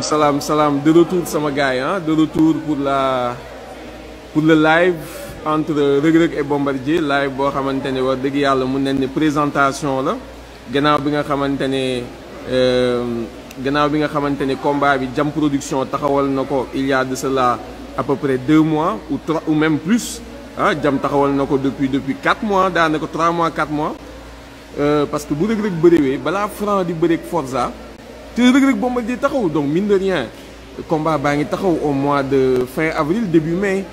salaam salaam de retour sama gars yi ah de retour pour la pour le live entre Reug Reug et Bombardier live boo xamante ne wax dëgg yàlla mun nañ ne présentation la gannaaw bi nga xamante ne euh, gannaaw bi nga xamante ne combat bi Jam Production taxawal na ko il y de cela à peu près deux mois ou trois ou même plus ah Jam taxawal na ko depuis depuis quatre mois daanaka trois mois quatre mois euh, parce que bu Reug Reug bëriwee balaa Franc di bëreeg Forza. te Reug Reug Bombardier taxaw donc mine de rien combat baa ngi taxaw au mois de fin avril début mai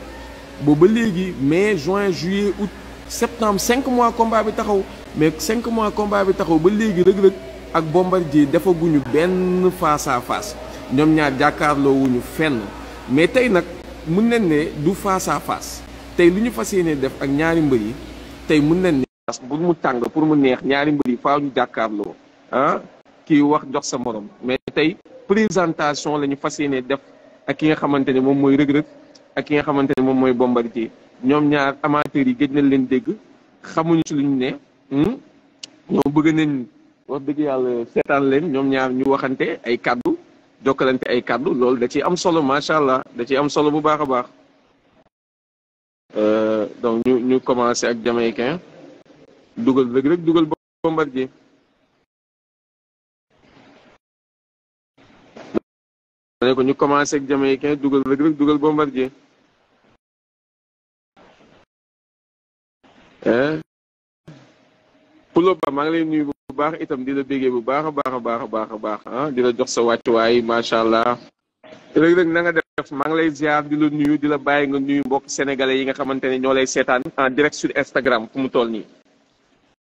booba léegi mai juin juillet août septembre cinq mois combat bi taxaw mais cinq mois combat bi taxaw ba léegi Reug Reug ak Bombardier defaguñu benn face à face ñoom ñaar jàkkaarloowuñu fenn mais tey nag mun nañ ne du face à face tey lu ñu fas yéene def ak ñaari mbër yi tey mun nañ ne que bu mu tàng pour mu neex ñaari mbër yi faaw ñu jàkkaarloo ah kii wax jox sa morom mais tey présentation la ñu fas yéene def ak ki nga xamante ne moom mooy Reug Reug ak ki nga xamante ne moom mooy Bombardier ñoom ñaar amateurs yi gëj nañ leen dégg xamuñu ci lu ñu ne hmm? ñoom bëgg nañ wax dëgg yàlla seetaan leen ñoom ñaar ñu waxante ay kàddu jokkalante ay kàddu loolu da ciy am solo macha allah da ci am solo bu baax a baax. Euh, donc ñu ñu commencé ak jamaïcain dugal Reug Reug dugal Bombardier ma ne ko ñu commencé ak jamaïcain dugal Reug Reug dugal Bombardier Pulo Ba maa ngi lay nuyu bu baax itam di la béggee bu baax a baax a baax a baax a baax ah di la jox sa wàccuwaay macha allah Reug Reug na nga def maa ngi lay ziar di la nuyu di la bàyyi nga nuyu mbokk sénégalais yi nga xamante ne ñoo lay seetaan en direct sur Instagram fu mu toll nii.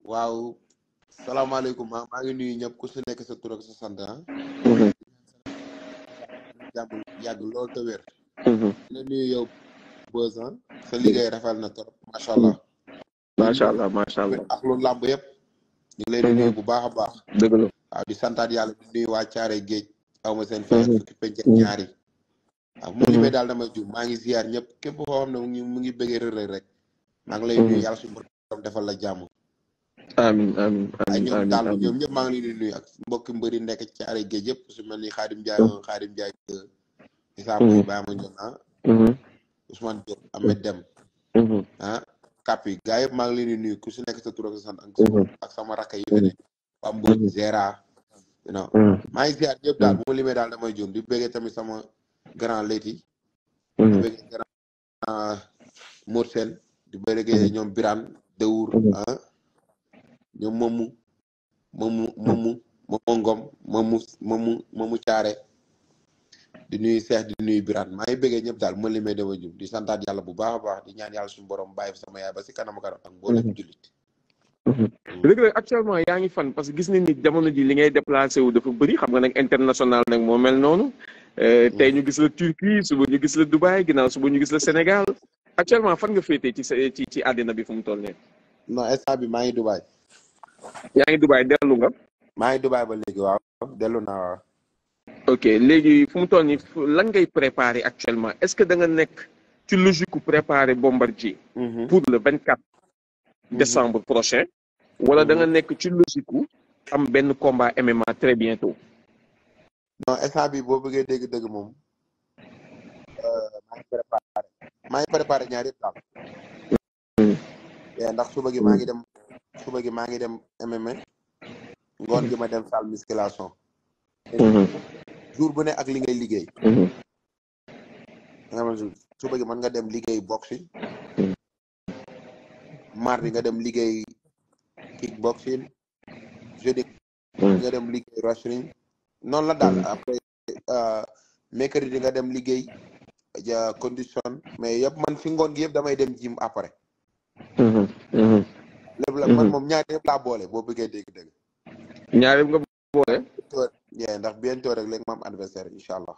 waaw salaamaaleykum maa ngi nuyu ñëpp ku si nekk sa tur ak sa ah. mhm. jàmm yàgg lool te wér mhm. dina nuyu yow besan sa liggéey rafet na trop macha allah mhm. macha allah macha allah ak lu làmb yëpp ñu ngi lay nuyu mhm. bu baax a baax dëgg la waaw di santaat yàlla di nuyu waa caare géej aw ma seen fay fukki penc ñaari waaw mu daal damay jum maa ngi ziar ñëpp képp koo xam mu ngi mu ngi bëggee rek maa ngi lay nuyu yàlla suñu borom defal la jàmm amiin amiin amiin amiin daal mbokki mbëri nekk ci are géej yëpp su ni Xaadim Njaay Xaadim Njaay Isaa Mbay Baye Ma Ndione ah mm-hmm. Ousmane Diop Ahmed Dem mm-hmm. ah kàpp yi gaa yëpp maa ngi leen di ku si nekk sa tur ak sa sant ak mm-hmm. sama rakk yi fi ne Pam Mbodj Zera non maa ngi daal bu ma daal damay juum di bëggee tamit sama grand Leyti ah, di bëggee grand Mor di bëggee ñoom Birane Dewur ah. ñoom moomu moomu moomu moomu ngom moomu moomu moomu caare di nuyu seex di nuyu biraan maa ngi bëggee ñëpp daal ma limee dama jum di santaat bu baax a baax di ñaan yàlla suñu borom bàyyi sama yaay ba si kanam kanam ak mboolem mhm. jullit mhm. léegi nag actuellement yaa ngi fan parce que gis nañ ni jamono ji li ngay déplacé wu dafa bëri xam nga nag international nag moo mel noonu euh, tey ñu mhm. gis la Turquie suba ñu gis la Dubaï ginnaaw suba ñu gis la Sénégal actuellement fan nga féetee ci ci ci àddina bi fu mu toll nii non instant bi maa ngi Dubaï yaa ngi Dubaay dellu nga. maa ngi Dubaay ba léegi waaw dellu naa waaw. ok léegi fu mu toll nii lan ngay préparer actuellement est-ce que danga nekk ci logique ku préparer Bombardier mhm. pour le vingt quatre mhm. décembre prochain. wala da nga mhm. nekk ci logique am benn combat MMA très bientôt. non bi boo bëggee dégg dëgg moom euh, maa ngi préparé maa ngi daal. Mm. ndax suba gi maa ngi dem suba maa ngi dem MMA ngoon gi ma dem salle musculation mhm. jour bu ne ak li liggéey danga mhm. jour mën nga dem liggéey boxing mhm. mardi nga dem liggéey kickboxing jeudi nga liggéey wrestling noonu la daal après euh, mercredi nga dem liggéey ja condition mais yëpp man fi ngoon gi yëpp damay dem gym après la mhm. man moom ñaar yëpp boole boo bëggee dégg dëgg ñaar yëpp boole yee ndax bientôt rek léegi ma am adversaire incha allah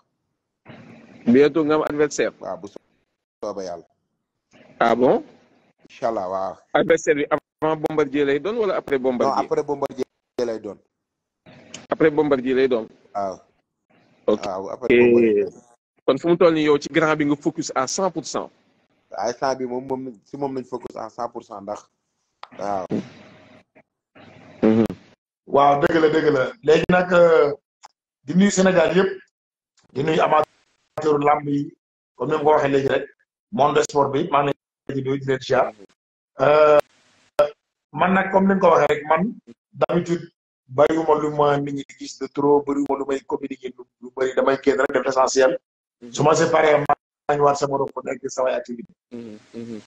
bientôt nga am adversaire waaw bu sooba yàlla ah bon incha allah waaw adversaire bi avant bombardier lay doon wala après bombardier non après bombardier lay doon après bombardier lay doon waaw ok kon fu mu toll nii yow ci grand bi nga focus à cent pour cent. à instant bi moom moom si moom lañ focus à cent pour cent ndax waaw. Mm-hmm. waaw dëgg la dëgg la léegi nag euh, di nuyu Sénégal yëpp di nuyu amateur làmb yi comme ni ma ko waxee léegi rek monde sport bi maa ngi lay nuyu di euh, man nag comme ni nga ko waxee rek man d'habitude bàyyiwuma lu ma nit ñi gis de trop bëriwuma lu may communiquer lu bëri damay génn rek def essentiel mm-hmm. su ma séparé maa ngi waat sama rôle nekk samay activité mm-hmm.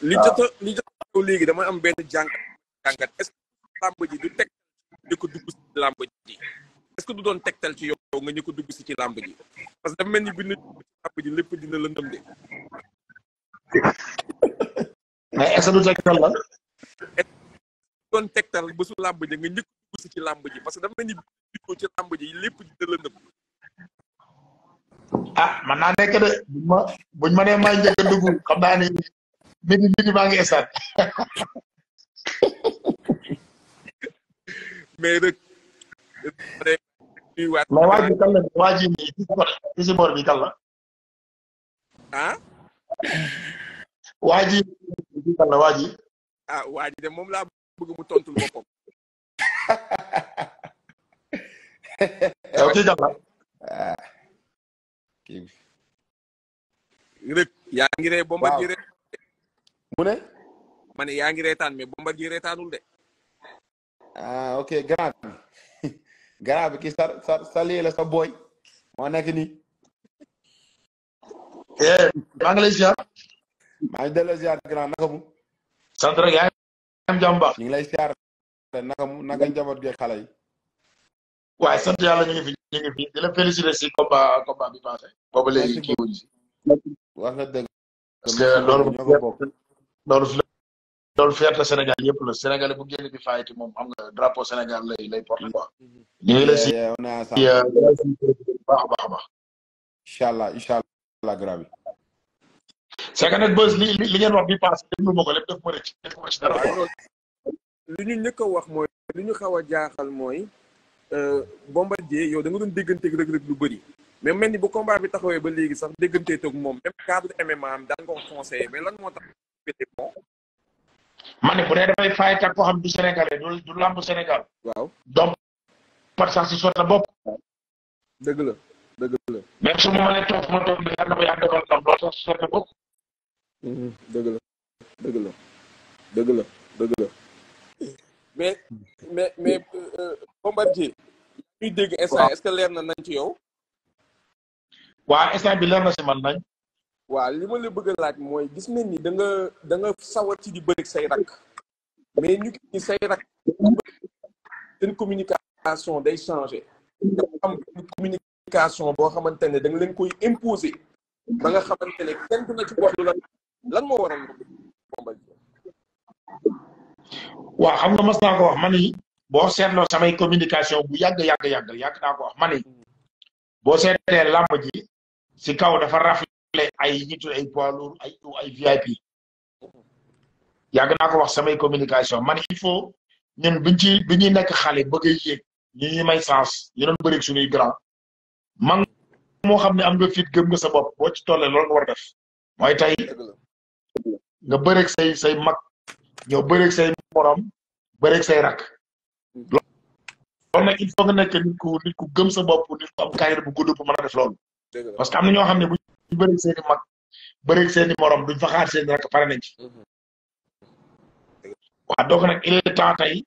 li jot a li jot a léegi damay am benn jàngat jàngat est-ce que làmb ji du tegtal ñu ko dugg si làmb ji est-ce que du doon tegtal ci yow nga ñu ko dugg si ci làmb ji parce que dafa mel ni bi ñu làmb ji lépp dina lëndëm de. mais est-ce que du tegtal la. est-ce que doon tegtal bésu làmb ji nga ñu ko dugg si ci làmb ji parce que dafa mel ni bi ci làmb ji lépp dina lëndëm. ah man naa nekk de buñ ma buñ ma nee maa njëkk a dugg xam naa ni midi midi maa ngi estat mais nag. mais waa ji kan la waa ci si boor bi kan la. Ah? Ah, de moom laa bëgg mu tontul boppam. yow kii kan la. ah kii. rek yaa ngi ree bombardier rek. mu ne. ma ne yaa ngi reetaan mais Bombardier reetaanul de. ah ok grand bi grand bi ki sa sa sa lii la sa booy moo nekk nii. Eh, maa ngi lay ziar. maa ngi delloo ziar grand naka mu. sant rek yaa ngi am jàmm baax. ñu ngi lay ziar naka mu naka njaboot gi xale yi. waaye sant yàlla ñu ngi fi ñu ngi fi di la féliciter si combat combat bi passé. boobu léegi kii wuñ si. wax nga dëgg. parce que loolu loolu loolu fierté Sénégal yëpp la Sénégal bu génn di fayti moom xam nga drapeau Sénégal lay lay porté quoi. Mm-hmm. ngi la si baax euh, baax a baax. incha allah incha allah gravi. c'est que nag li li ngeen wax bi paase déglu ñu njëkk wax mooy li ñu xaw a jaaxal mooy euh, Bombardier yow da nga doon dégganteeg Reug Reug lu bëri. mais mel ni bu combat bi taxawee ba léegi sax dégganteeg moom même cadre MMA am nga ko conseillé mais lan moo tax. ma ne bu dee dafay fayat ak koo xam du Sénégalais du du Sénégal. waaw donc par sax si bopp. Mm-hmm. dëgg la dëgg la. mais mais mais mais euh, euh, Bombardier. ñuy dégg instant est-ce leer na nañ ci yow. waa instant bi leer na si nañ. waaw li ma la bëgg a laaj mooy gis nañ ni danga nga da sawar ci di bëri say rakk mais ñu ki say rakk seen communication day changé da am boo xamante ne da leen koy imposer ba nga xamante lan moo waral Bombardier xam nga mas wax ma ni boo seetloo samay communication bu yàgg yàgg yàgg yàgg naa ko wax ma ni hmm. boo seetee làmb ji si kaw dafa raf ay jiitu ay poids lourd ay ay VIP yàgg naa ko wax samay communication man il faut ñun biñ ci bi ñuy nekk xale bëgg a yéeg ñu may sance ñu doon bëreeg suñuy grand man moo xam ne am nga fit gëm nga sa bopp boo ci tollee loolu nga war def mooy tey nga bëreeg say say mag ñëw bëreeg say morom bëreeg say rak loolu nag il faut nga nekk nit ku nit ku gëm sa bopp nit ku bu gudd bu mën def loolu parce am ñoo xam ne bu ñu bëreeg seen i mag bëreeg seen i morom duñ fa rek pare nañ mhm. tey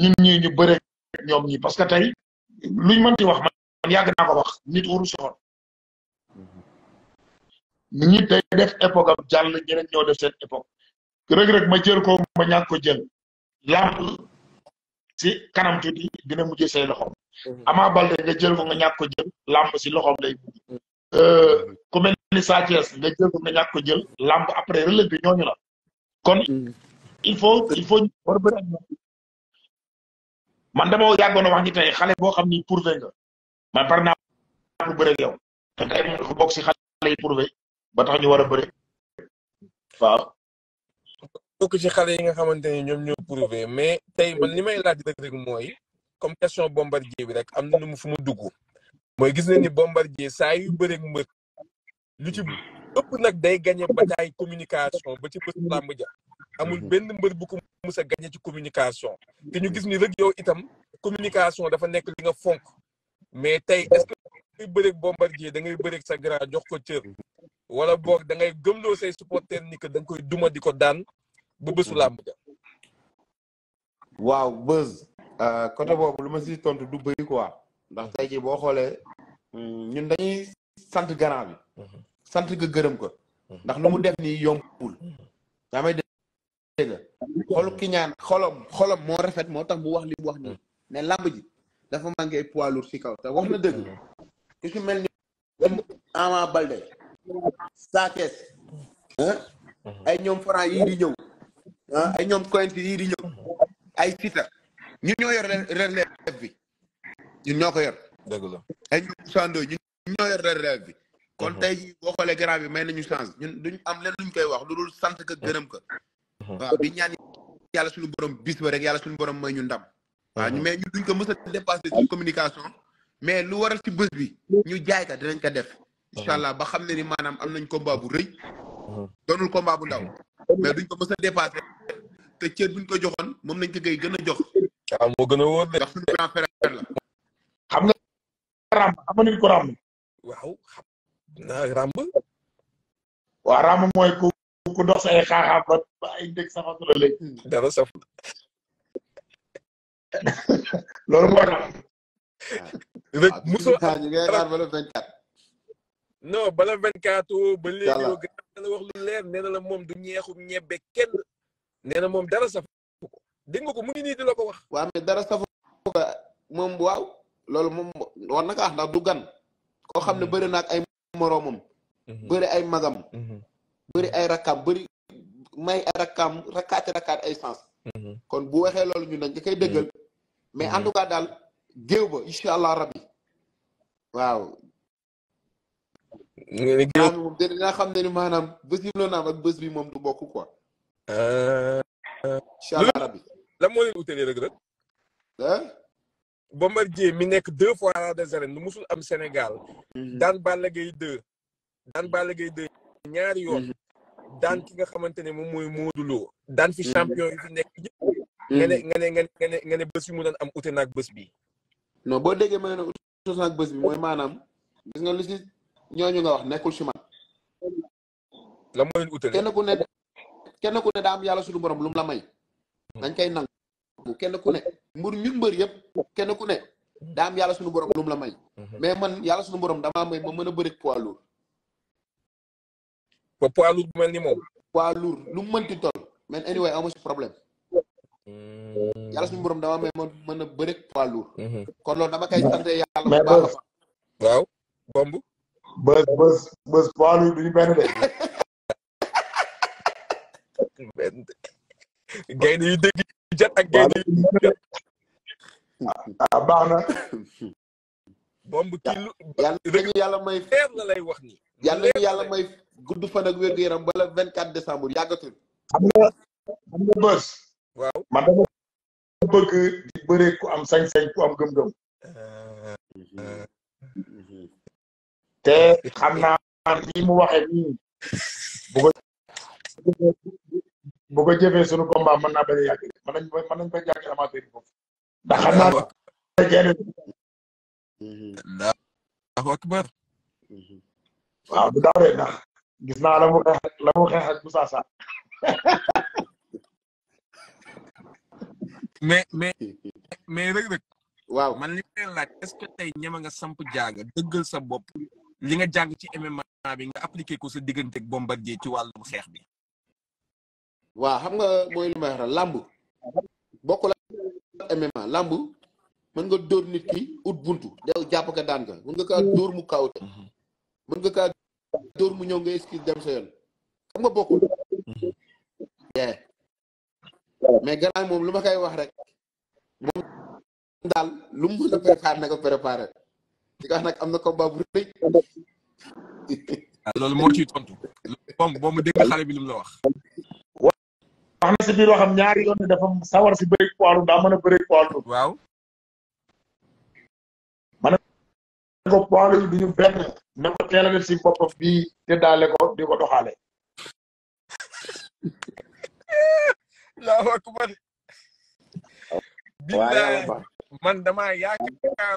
ñun ñii ñu bëreeg ñoom ñi parce que tey luñ mënti wax man yàgg wax nit warul soxor. Mhm. nit day def époque am jàll ñeneen ñoo def seen époque rëg-rëg ma jël ko ma ñàkk ko jël làmb si kanam tuuti dina mujj say loxoom. Mhm. Ama Baldé nga jël ko nga ñàkk ko jël si loxoom lay mujj. Euh, ku ni Sa Thiès nga jël ko après relève bi ñooñu la kon mm. il faut il faut war bëri man dama yàggoon a wax ni xale boo xam ni pourvé nga man par naa pour bëri ak yow te si xale yi tax ñu war a bëri waaw ci xale yi nga xamante ni ñoom ñoo prouvé mais tey man li may laaj rek rek mooy comme question bombardier bi rek am na nu mu fu mu dugg mooy gis nañ ni bombardier saa yu bëreeg mbër lu ci ëpp nag day ba bataille communication ba ci bés làmb ja amul mhm. benn mbër bu ko mus a gagné ci communication te ñu gis ni rek yow itam communication dafa nekk li nga fonk mais tey est-ce que ngay bëreeg bombardier da ngay bëreeg sa grand jox ko cër wala boog da ngay gëmloo say supporter ni danga koy duma di ko daan ba bésu làmb ja waaw bés euh, côté boobu lu ma si tontu du bëri quoi ndax tey jii boo xoolee hmm, ñun dañuy sant grand bi sant ko gërëm ko ndax lu mu def nii yombul daa may dégg xolu kiñaan ñaan xolom xolom moo rafet moo tax mu wax li wax nii ne làmb ji dafa manqué poids lourd ci kaw te wax na dëgg ki ci mel ni Ama Baldé Sa ah, ay ñoom Franc yii di ñëw ah, ay ñoom Koyenti yii di ñëw ay Siteu ñun ñoo yor relève bi ñun ñoo ko yor dëgg la ay ñoom Sando ñu ñoo yor relève bi kon mhm. tey boo xoolee grand bi may nañu chance ñun duñ am leen luñ koy wax lu dul sant ko mhm. gërëm ko mhm. waaw di ñaan yàlla suñu borom bis rek yàlla suñu borom may ñu ndam waaw mais duñ ko mës a dépassé suñu communication mais lu waral ci bés bi ñu jaay ka dinañ ko def incha allah ba xam ne ni maanaam am nañ combat bu rëy doonul combat bu ndaw mais duñ ko mës a dépassé te cër buñ ko joxoon moom nañ ko koy gën a jox waaw ah, moo gën a wóor de ndax suñu grand frère la xam nga ràmm ko ràmm waaw ramb waaw ramb mooy ku ku dox say xaaxaam ba ay dëg safatu la dara saf loolu moo ah, muso ñu ngay xaar bala vingt quatre non a wax lu leer nee na la moom du ñeexum ñebbe kenn nee moom dara saf ko dégg ko mu ngi nii di la ko wax waaw dara safu moom waaw loolu moom war na ko du gan koo xam ne hmm. ay moroomam mhm. bëri ay magam mhm. bëri ay rakkaam bëri may ay rakkaam rakkaati rakkaat ay sens mhm. kon bu waxee loolu ñu nañ nga koy dëggal mais en tout cas daal géew ba incha allah rabbi waaw géew moom dina xam ne ni maanaam bés yi loolu naam ak bës bi moom du bokk quoi euh, euh, incha allah rabbi lan moo leen utalee rëg rëg Bombardier mi nekk deux fois roi des arènes lu musul am Sénégal. Mhm. daan Balla Gaye 2. daan Balla Gaye 2 ñaari yoon. Mhm. daan ki nga xamante ne moom mooy Modou Lo. daan fi mhm. champion yi nekk yëpp. nga ne nga ne bés bi mu doon am ute naag bés bi. non boo déggee ma ne ute naag bi mooy maanaam. gis nga lu si ñooñu wax nekkul si man. la moo leen utale ku ne kenn ku ne daa am yàlla suñu borom lu la may. dañ koy nangu. kenn ku ne mbër ñun mbër yëpp kenn ku ne daa am yàlla suñu borom lu mu la may mhm. mais man yàlla suñu borom damaa may man mën a bëri poids ba poids lourd mel ni moom poids lourd lu mu mënti toll mais anyway amu si problème mm. yàlla suñu borom damaa may ma mën a bëri mhm. kon loolu dama koy sant yàlla bu waaw bomb bës bës bës poids lourd duñu de gaynde yu dégg jat ak gaynde yu jat ah na yàlla yàlla may lay wax ni yàlla yàlla may gudd fan gu yaram bala vingt quatre décembre yàggatul xam nga xam nga bës bëgg di am sañ-sañ ku am gëm-gëm te xam naa ni mu waxee bu ko jëfee sunu combat mën a yàgg mën nañ mën nañ ko jàkk amateur yi foofu ndax xam naa Allahu akbar waaw du daaw rek gis naa la mu xeex ak la mu xeex ak Moussa Sarr mais mais mais waaw man li may laaj est-ce que tey ñama nga samp jaaga dëggal sa bopp li nga jàng ci MMA bi nga appliqué ko sa diggante ak Bombardier ci wàllum xeex bi waaw xam nga mooy li la MMA nga dóor nit ki ut mu kaawte mhm. nga kaa mu ñëw nga esquive dem sa yoon xam nga mhm. eh. moom lu ma koy wax rek moom daal lu mu mën a préparé na ko préparé ko wax bu rëy ah, loolu moo ciy tontu moom ma dégg xale bi lu la wax wax na si biir waxam ñaari yoon dafa sawar si bëri poids daa mën a bëri poids lourd. waaw. ma ne ko poids lourd du ñu benn ne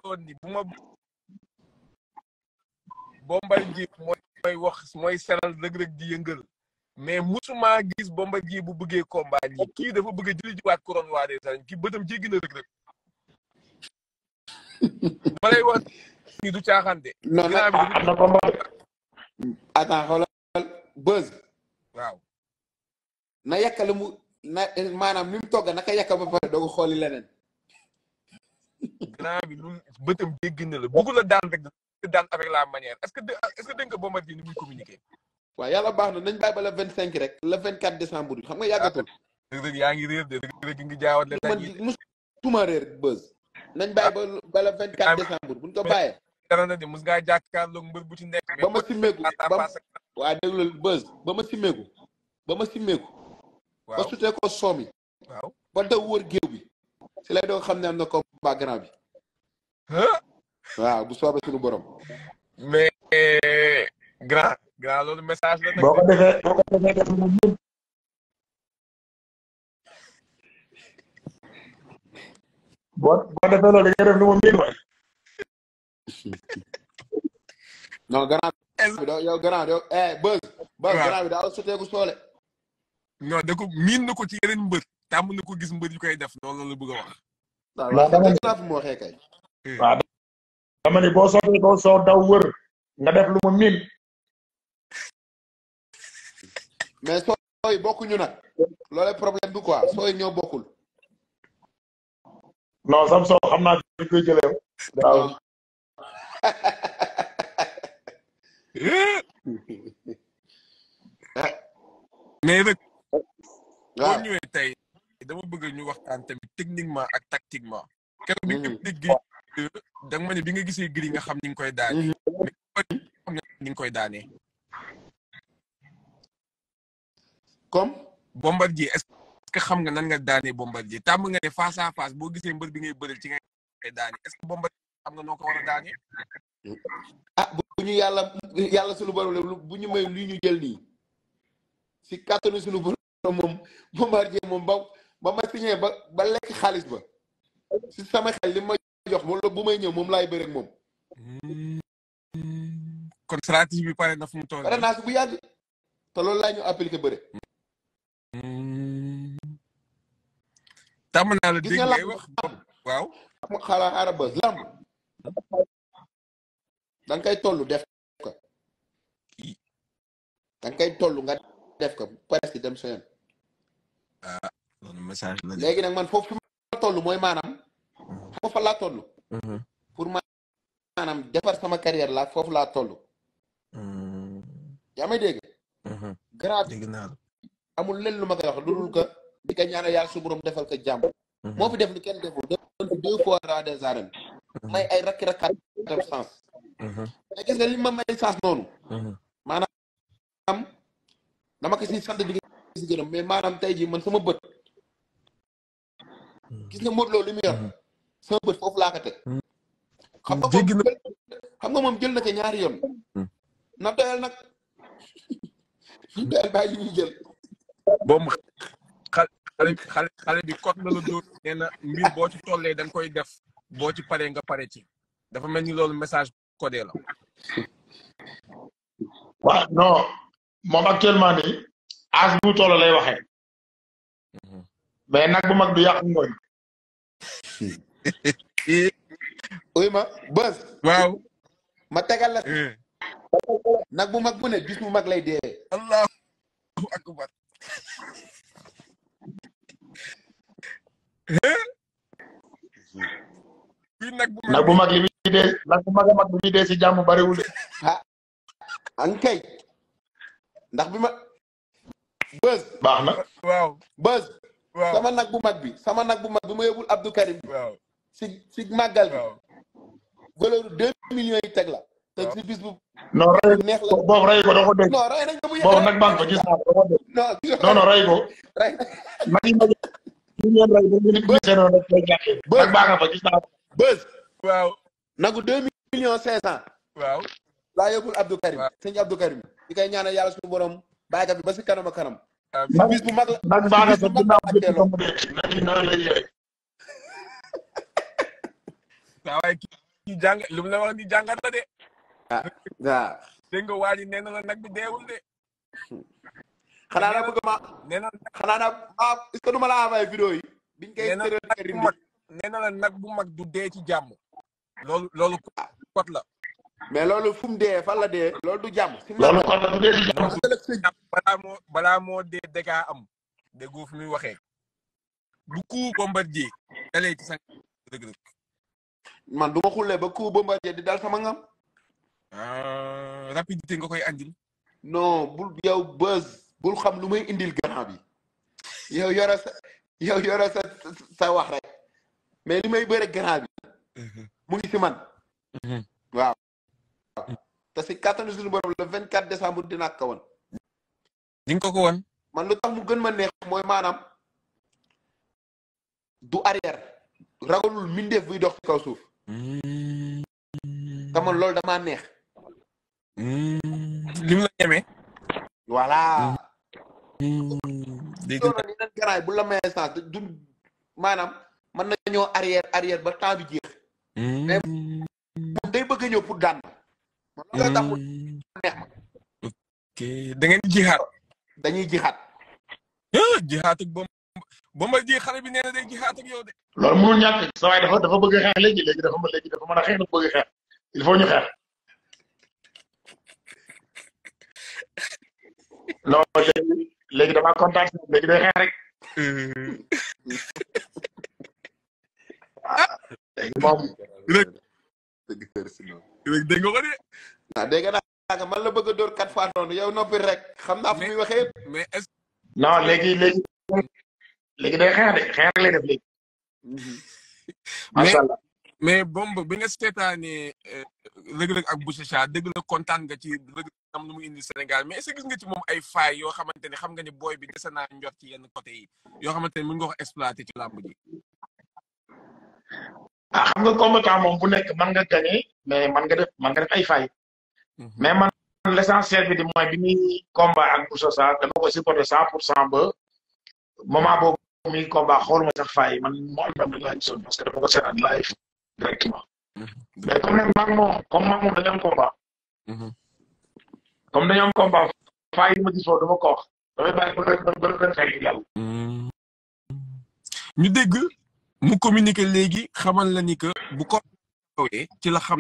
ni bu ma. Bombardier mooy wax mooy seral rëg-rëg di yëngal. mais musuma gis bomba ji bu bëggee combat yi kii dafa bëgg a jëli jiwaat couronne waa des arènes kii bëtam jéggi na rëg rëg ma lay wax du caaxaan de. Ah, non non attends xoolal buzz. waaw. na yàkkale mu na maanaam ni mu togg naka yàkka ba pare doog xooli leneen. grand bi lu bëtam na la bëggu la daan rek daan avec la manière est-ce que est-ce que dégg nga bomba ji ni communiquer. waaw yàlla baax na nañ bàyyi ba le vingt cinq rek le vingt quatre décembre bi xam nga yàggatul dëgg yaa ngi réer de dëgg ngi jaawale man musuma réer nañ bàyyi ba ba le vingt quatre décembre buñ ko bàyyee dana ne mus ngaa jàkkaarloog mbër bu ci nekk ba ma simmeeku ba waa déglul bës ba ma simmeeku ba ma simmeeku ba sutee ko soom yi waaw ba daw wër géew bi si lay doo xam ne am na combat grand bi waaw bu soobee suñu borom mais grand gannaaw loolu message la. boo ko defee boo ko defee lu mu miin waay. non gannaaw miin na ko ci yeneen mbër. tàmm na ko gis mbër koy def loolu la wax. waaw dama boo soobee daw wër nga def lu mu miin. mais sooy bokkuñu nag loole problème bi quoi sooy ñoo bokkul. non Samson xam naa dañ koy jëlee waaw. Ah. mais nag. waaw ah. ñëwee tey dama bëgg ñu waxtaan tamit techniquement ak tactiquement. keroog bi ñu mm-hmm. dégg euh, da nga ma ne bi nga gisee giri nga xam ni nga koy daane. Mm-hmm. mais koy daane. comme. Bombardier est-ce que xam nga nan nga daanee Bombardier tàmm nga ne face à face boo gisee mbër bi ngay bëril ci ngay daane est-ce que Bombardier xam nga noo ko war a daanee. ah bu ñu yàlla yàlla suñu bu ñu may ñu jël nii si kàttanu suñu borom moom Bombardier moom ba ba ma signé ba ba lekk xaalis ba si sama xel li ma jox wala bu may ñëw moom laay bëre ak moom. Hmm, kon stratégie bi pare na mu toll. pare naa si bu yàgg te loolu laa ñu appliqué bëre. tàmm naa la dégg ngay wax waaw. xaaral xaaral bës lamb da nga koy toll def ko da nga koy toll nga def ko presque dem seen. ah léegi nag man foofu ma toll mooy maanaam. foofa laa toll. Mhm. pour maanaam defar sama carrière la foofu laa toll. Mhm. yaa may dégg. Mhm. garaat dégg naa la. amul lenn lu ma koy wax lu dul que di ko ñaanal yàlla su borom defal ko jàmm. Mhm. moo fi def lu kenn deful doon deux fois ra des arènes. Mhm. may ay rakki rakkaat tam sens. Mhm. mais ma may sens noonu. maanaam dama ko mais maanaam tey jii man sama bët. gis nga Modou Lo li mu yor. sama bët foofu laa ko teg. xam nga moom xam nga moom jël na ko ñaari yoon. na doyal nag na doyal bàyyi li muy jël. boobu xale xale xale bi kot na la dóor nee na mbir boo ci tollee da koy def boo ci paree nga pare ci dafa mel ni loolu message codé la. waaw non moom actuellement nii bu toll lay waxee. Mhm. mais nag bu mag du yàqu ngooñ. oui ma bës. waaw. ma tegal la. Eh. nag bu mag bu ne bis bu mag lay dee. allahu akbar. nag bu mag li muy dee nag bu mag mag li muy dee si jàmm bariwul a ah ndax bi ma. bës baax na waaw bës. waaw sama nag bu mag bi sama nag bu mag bi ma yóbbul Abdou Karim. waaw si si màggal bi. waaw góor deux millions yi teg te si bis bu. non rey neex la boobu rey ko nag maa ngi ko gis naa ko da non non non rey ko. magi waaw nagu deux millions cinq cent waaw laa yóbbul Abdou Karim sëñ Abdou Karim ñu koy ñaanal ka bi ba si kanam a kanam bis bu mag nag baa ah, nga fa ginnaaw bëtteeloo nag noonu lay nag bi deewul de hmm. xanaa naa bëgg ma xanaa naa maa est-ce que du ma la envoyé vidéo yi. biñ koy tëral nee la nag bu mag du dee ci jàmm. loolu loolu ah. la. mais loolu fu mu dee fan la dee. loolu du jàmm. loolu kon la moo balaa dee dëkkaa am. déggoo fi muy waxee. bu ku bombardier dalee ci sa dëgg ba ku bombardier di dal sama ngam. Ah, rapidité nga koy andil. non bul yow buzz. bul xam lu may indil grand bi yow yore sa yow yore sa sa wax rek mais li may bëre grand bi mu ngi si waaw te que kattanu suñu borom le vingt quatre décembre dinaa ko woon di nga man lu tax mu gën ma neex mooy maanaam du arrière ragalul mindeef buy dox ci kaw suuf te loolu damaa neex mm. Mm. lim la ñeme voilà dégg hmm. naa yeneen garaay bu la mayee sens du maanaam mën nañoo arrière arrière ba temps bi jeex. Hmm. mais moom day bëgg a ñëw pour daan. man loolu taxul hmm. neex ma. ok da ngeen jixaat. dañuy jixaat. ah jixaat ak bomb bomba ji xale bi nee na day jixaat ak de. loolu mënul ñàkk sa dafa dafa a xeex léegi léegi dafa léegi dafa mën a xeex dafa bëgg a xeex il faut ñu xeex. léegi damaa kontaan si léegi day xeex rek. ah rek dégg nga ko de. ah dégg naa la bëgg a dóor quatre fois noonu yow noppi rek xam naa fu muy waxee. mais est-ce non léegi léegi. léegi xeex de xeex lay def léegi. macha allah mais bomb bi nga seetaanee eh, rëg-rëg ak Bouchra dëgg la kontaan nga ci rëg am lu mu indi Sénégal mais est gis nga ci moom ay faay yoo xamante ne xam nga ne booy bi dese naa njort ci yenn côté yi yoo xamante ne mën nga ko exploité ci làmb ji. ah xam nga combattant moom bu nekk mën nga gagné mais nga def mën nga def ay faay. Mhm. mais man l'essentiel bi di mooy bi muy combat ak Bouchra dama ko supporté cent pour cent ba moment boobu muy combat xooluma sax faay man moo am la gisoon parce que dama ko seetaan live directement. Mm-hmm. mais comme nag moom comme maa moom dañu am combat. Mm-hmm. comme dañu am combat faa mm-hmm. dégg mu léegi xamal la ni que bu ko xawee ci la xam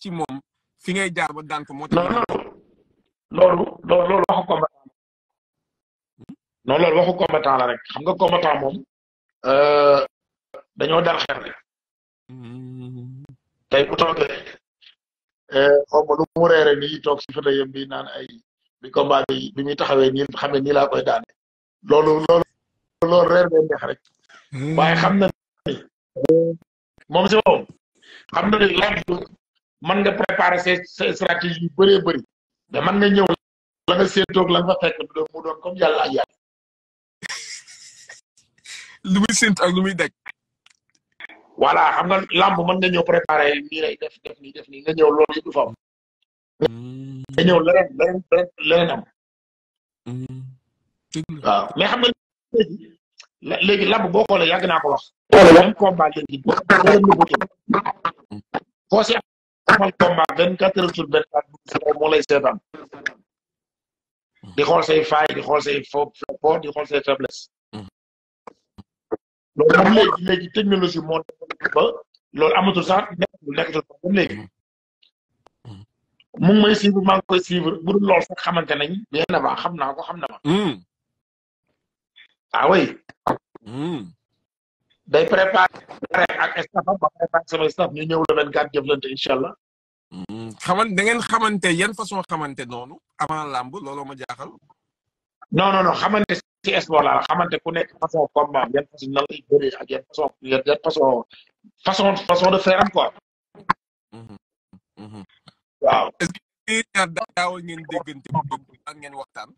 ci moom fi jaar ba daan ko moo tax. loolu loolu loolu waxu combattant hmm? rek xam nga combattant moom. Euh, dañoo dal xel rek mm. tey bu toogee euh, xaw ma lu reere nii toog si fatayam bi naan ay bi combat bi bi muy taxawee nii xam koy daane loolu loolu loolu reer bee neex rek mm. waaye xam na ni moom si moom xam na ni nga préparer ses ses stratégies yu bëree bëri mais mën nga ñëw la nga séentoog la nga mu doon comme yàlla ak lu muy sént ak lu muy xam nga làmb mën nga ñëw préparé nii lay def def nii def nii nga ñëw loolu yëpp du fa am. Hmm. nga ñëw leneen leneen am. Hmm. waaw mais xam nga léegi làmb boo xoolee yàgg naa ko wax. même combat léegi boo foo si vingt quatre sur vingt moo lay seetaan. di xool say failles di xool say fo di xool say faiblesse. loolu am léegi léegi technologie moo ba loolu amatul sax nekkul nekkatul sax ba léegi mu ngi may suivre maa koy suivre bu lool sax xamante nañ bien avant xam naa ko xam na ma hmm. ah oui hmm. day préparé ak staff ba préparé sama staff ñu ñëw la vingt quatre jëflante incha allah hmm. xaman da ngeen xamante yan façon xamante noonu avant làmb looloo ma jaaxal non non non xamante ci sport la xamante ku nekk façon façon de faire am quoi. Mm-hmm. Mm-hmm. waaw. est-ce que ñaar daaw ngeen waxtaan.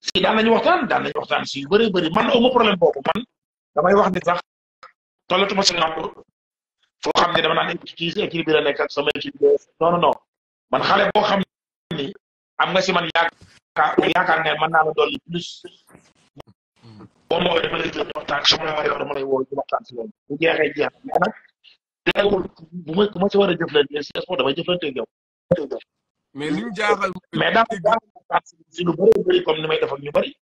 si daan nañu waxtaan daan nañu waxtaan si yu bëri man amu problème boobu man damay wax ni sax tollatuma si ngàmb foo xam ne dama naan kii si équilibre la nekk ak sama équilibre man xale boo xam ni am nga si man yaakaar ne mën naa la dolli plus boo ma woowee dama lay jël waxtaan su ma jeex bu ma bu war a jëflante si sport damay jëflante ak yow mais li ñu jaaxal mais daal waxtaan si lu bëri bëri comme ni may def ak ñu bëri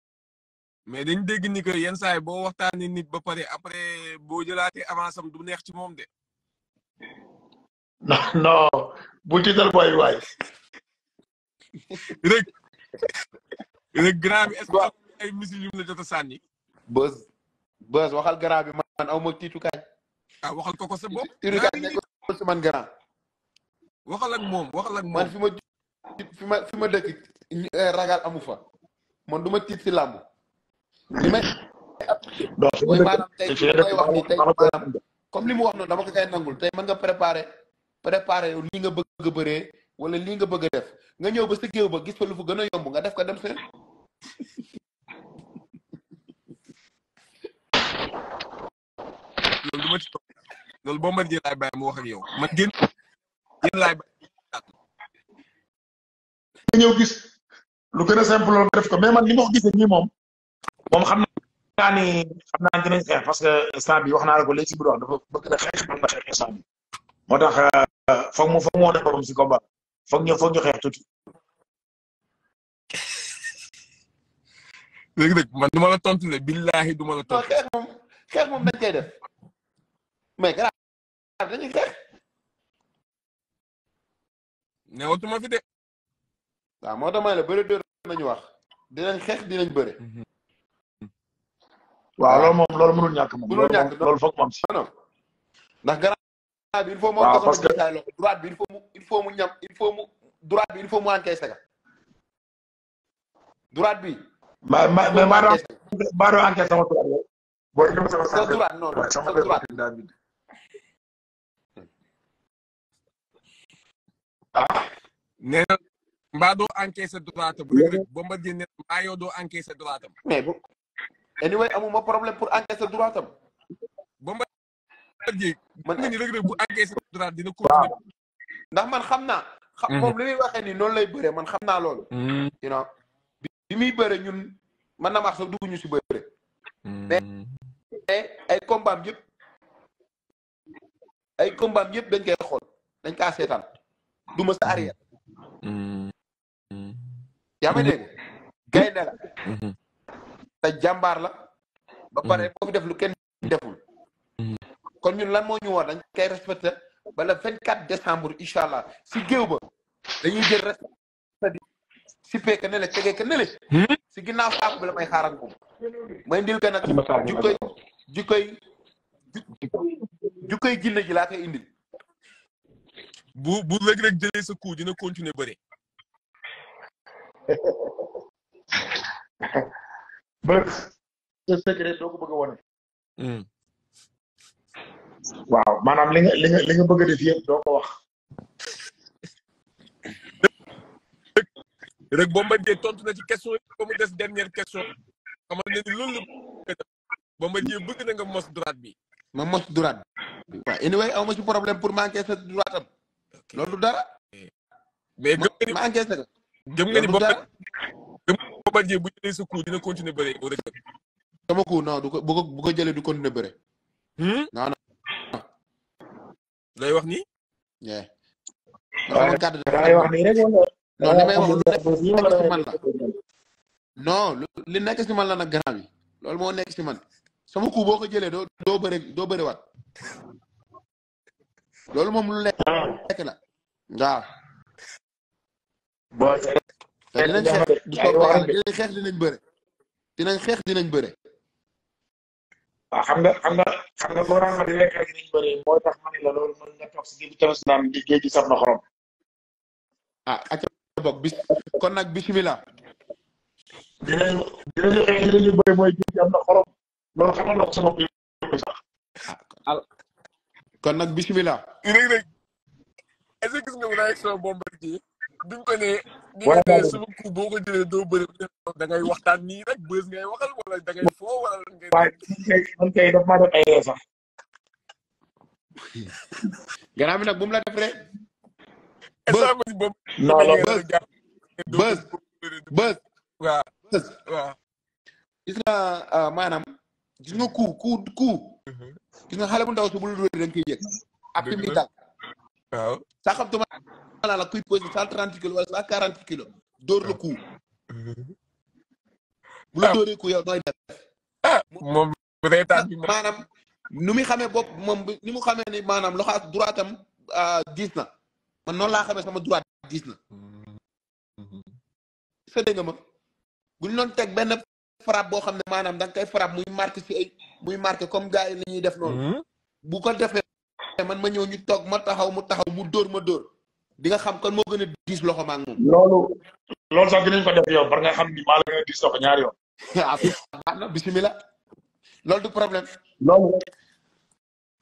mais dañ dégg ni que yenn saa boo waxtaanee nit ba pare après boo jëlaatee avance am du neex ci moom de non non bu tiital booy waay rek grand bi est ce que ay missiles yu mu la jot a sànni. bës bës waxal grand bi man aw ma tiitukaay. ah waxal ko ko sa bopp. tiitukaay si man grand. waxal moom waxal ak moom man fi ma fi ma fi ma dëkk eh, ragal amu fa man du ma tiit si làmb. li may mooy maanaam tey li wax ni li mu wax noonu dama ko kay nangul tey mën nga préparer préparer li nga bëgg a bëree. wala li nga bëgg a def nga ñëw ba si géew ba gis fa lu fa gën a yomb nga def ko dem seen loolu du ma ci toog loolu boo mën jël laay bàyyi mu wax ak yow man ñëw gis lu gën a simple loolu def ko mais ni ma ko gisee nii moom moom xam naa ni xam naa dinañ wax naa la ko léegi si biir wax dafa bëgg na moo tax euh, foog mu foog mu wane borom si combat foog ñu foog xeex tuuti. léegi nag man du ma la tontu ne billahi du ma la tontu. xeex moom xeex moom dañ koy def mais garaaw dañuy xeex. newatuma fi de. waaw moo tax ma la bëri dóor nañu wax dinañ xeex dinañ bëri. Mhm. waaw loolu moom loolu mënul ñàkk moom. mënul ñàkk si. ndax garaaw bi il faut bi il faut mu il faut mu ñam il faut mu droite bi il faut mu encaissé ka droite bi ma ma ma maa doon encaissé sama droite non sama droite ah nee na mbaa doo encaissé droite bu rek ba ma génne mbaa yow bu anyway amuma problème pour encaissé droite am man nga ni rek rek bu encaissé contrat dina continuer ndax man xam naa xam mhm. moom li muy waxee ni noonu lay bëree man xam naa loolu mhm. you bi muy bëre ñun man na wax sax dugg ñu si bëre mhm. mais ay combat yëpp ay combat yëpp dañ koy xool dañ kaa seetaan du ma sa arrière yaa ma dégg gaynde la te jàmbaar la ba pare boo fi def lu kenn deful kon ñun lan moo ñu woo dañ koy respecté ba le vingt quatre décembre incha allah si géew ba dañuy jël respecté si peek ne la tegee ka hmm? si ginnaaw saaku bi la may xaaral ko may ndil ka nag jukkoy jukkoy jukkoy jinne ji laa koy indil bu bu Reug Reug jëlee sa coup dina continuer bëri bër sa waaw maanaam li nga li nga li nga bëgg a def doo ko wax. rek Bombardier tontu na ci question yi ba des dernière question xamal ne ni loolu bëgg na nga mos droite bi. ma mos droite bi. waaw anyway problème pour manqué sa droite am. loolu du dara. mais gëm nga ni ma encaissé ko. gëm bu jëlee sa dina continuer bëre. sama coup non du ko bu du continuer bëre. Hmm? non non. lay wax ni yeah waaw damay wax nii rek nekk si man la non li nekk si man la nag loolu moo nekk si man sama coup boo ko jëlee doo doo bëre doo bëre waat loolu moom lu nekk ah. la waaw. boo dinañ xeex dinañ xeex dinañ bëre dinañ xeex dinañ bëre. waaw xam nga xam nga xam nga di lekkat gi niñu bëri mooy tax ma ne la loolu mën nga toog si géeju tamit naan di na xorom ah ak bokk kon nag bismillah dinañu dinañu xëy dinañu bëri mooy géej gi am na xorom na ko sama ah, kon nag bismillah Reug Reug est bi nga ko nee. nga nee sama boo ko jëlee doo bëri da ngay waxtaan nii rek bës ngay waxal wala da foo wala. waaye man kay daf maa def ay ree sax. gannaaw bi nag bu mu la def rek. bës bës waaw waaw. gis nga ah, maanaam gis nga coup coup coup. gis nga xale bu ndaw su bul dóoree da nga koy yëg. waaw saa xam tuma la la kuy posé cent trente kilos wala cent quarante kilos dóor la ku mm-hmm. bu la ah. dóoree ku yow nooy def ah moom maanaam nu muy xamee bopp moom ni mu xamee ni maanaam loxo droitam ah, diis na man noonu laa xamee sama droite diis na fedee mm-hmm. nga ma bu ñu doon teg benn frappe boo xam ne maanaam da nga koy frappe muy marqué ci ay muy marqué comme gars yi la ñuy def noonu mm-hmm. bu ko defee man ma ñëw ñu toog ma taxaw mu taxaw mu dóor ma dóor di nga xam kan moo gën a diis loxo ma ak moom. loolu. loolu sax dinañ ko def yow bar nga a diis ñaari yoon. ah loolu du problème. loolu.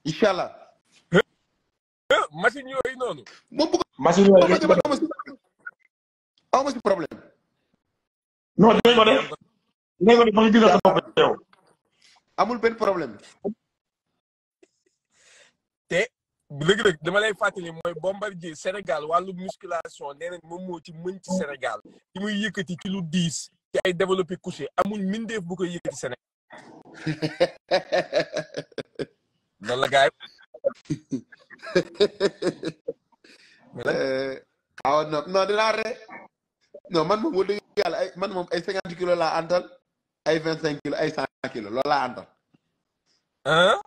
incha allah. machine yooyu noonu. moom bëgg machine yooyu aw ma si problème. non dinañ amul benn problème. te rëg-rëg dama lay fàttali mooy bombardier Sénégal wàllu musculation nee nañ moom moo ci mën ci Sénégal li muy yëkkati ci lu diis ci ay développé couché amuñ mindeef bu koy yëkkati Sénégal noonu la gaay euh, awa ah, man moom wax dëgg ay man moom ay cinquante kilo la antal ay vingt cinq kilo ay cent kilo loolu laa antal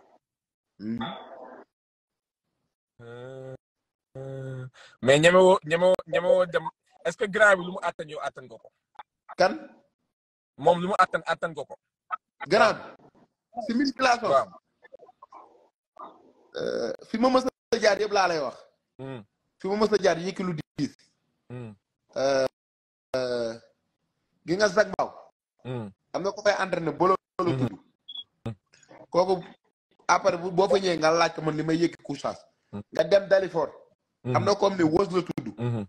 Euh, euh, mais ñemewoo ñemewoo dem est-ce que grand bi lu mu attan yow attan nga ko. kan. moom lu mu attan attan nga grand bi. si musculation. waaw. Euh, fi ma mës a jaar yëpp laa lay wax. Hmm. fi ma mës a jaar yëkki lu diis. Hmm. gi nga Zag hmm. am na ko fay entraîné bolo la tudd. kooku après boo fa nga laaj ko man li may yëkki couchage. nga dem Dalifort. Mhm. am na comme ni wës la tudd. Mhm.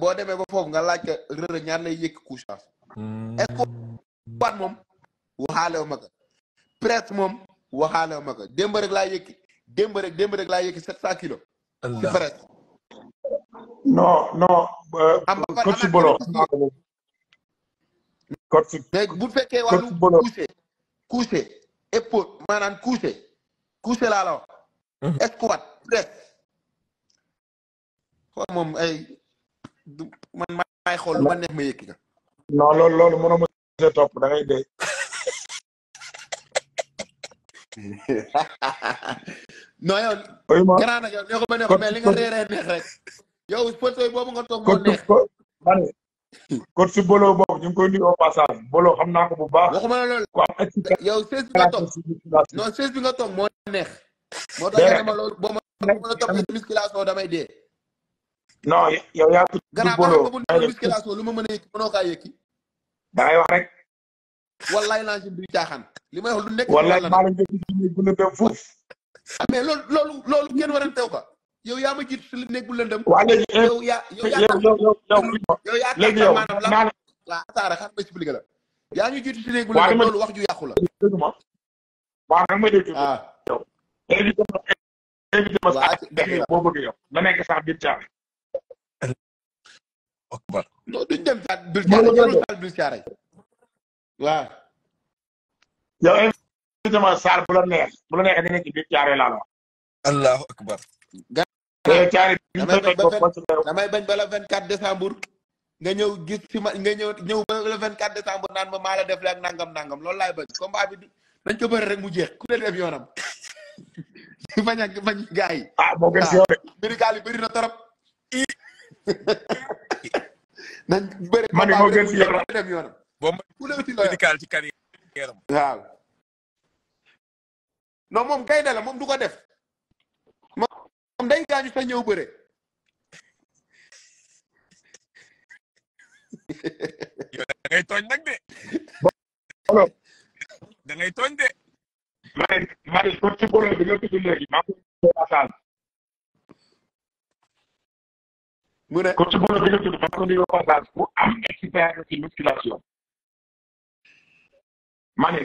boo demee ba foofu nga laaj ko Reug Reug ñaar lay yëkk couche mhm. est waat moom waxaale wu ma ko presse moom waxaale wu ma ko démb rek laa yëkki démb rek démb rek laa yëkki sept cent kilos. ci presse. non non. Euh, am bu fekkee wàllu couché couché épaule maanaam couché couché laa la Escouade bref xool moom ay du man maay xool lu ma neex ma yëkki nga non loolu loolu mënoo ma se topp da ngay dee non yow gannaaw nag yow neexu ba neexu mais li nga reeree neex rek yow sponsor boobu nga toog moo neex mane kon si bolo boobu ñu koy nuyu au passage bolo xam naa ko bu baax waxuma la loolu yow sées bi nga toog non bi nga toog moo neex moo tax nga ne ma loolu boo ma toppee musculation damay dee. non yow yaa ko. mën musculation lu ma mën a yëkki mënoo kaa yëkki. da ngay wax rek. wallaay laa duy caaxaan. li may lu nekk wallaay maa ngi leen di foofu. Ah, mais loolu loolu loolu ngeen war a teew ko yaa ma jiitu si li nekk bu lëndëm. waa léegi eh, yow yaa yow yaa yow yaa la ataara xam nga la. yaa ñu jiitu si nekk bu lëndëm loolu wax ju yàqu la. invité ma invité ma saa boo bëgg yow na nekk sax biir caare. non duñ dem sax biir caare ñëwul sax biir caare waaw. yow invité ma saar bu la neex bu la neex nga nekk biir caare laa la allahu akbar. gàllankoor damay bañ ba vingt quatre décembre. nga ñëw gis ci nga ñëw ñëw ba le vingt quatre décembre naan ma maa def la ak nangam nangam loolu laay bañ combat bi dañ ko bëri rek mu jeex ku ne def yoonam. fañ ak fañ gars ah, yi. bëri na trop. nañ bëri. man de moo gën si yow dem yoonam. boo ma médical ci waaw. non moom kay dala moom du ko def. moom day gaañu sa ñëw bëre. yow tooñ nag de. da tooñ de. Marie Marie ci borom bi nga tudd léegi maa ngi koy passage. mu ne ci borom bi nga tudd maa ngi koy passage bu am expérience ci musculation. ma ne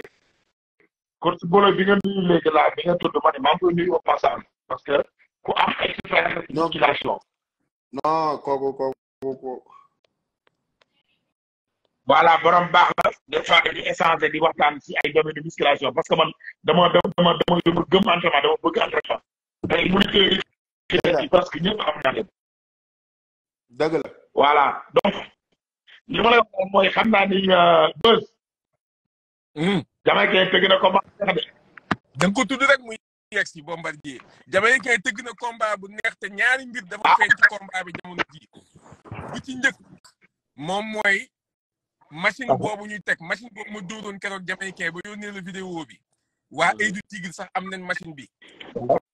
ci borom bi nga nuyu léegi laa bi nga tudd ma ne maa ngi koy nuyu passage parce que ku am expérience ci musculation. non kooku kooku kooku. voilà borom baax la des fois dañuy échanger di waxtaan ci ay domaine de musculation parce que man dama dama dama dama gëm entraînement dama bëgg entraînement. tey bu nekkee parce que ñëpp am dëgg la voilà donc li ma la mooy xam naa ni euh, buzz. Hmm. Jamaïcain tëgg na combat bu neex de. da nga ko tudd rek muy yegg si bombardier Jamaïcain tëgg na combat bu neex ñaari mbir dafa ah. feeñ ci bi jamono ji bu ci njëkk moom mooy. machine ah boobu ñuy teg machine boobu ma dóoroon keroog jamaïcain ba yónnee la vidéo bi waa hmm. Aidu Tigre sax am nañ machine bi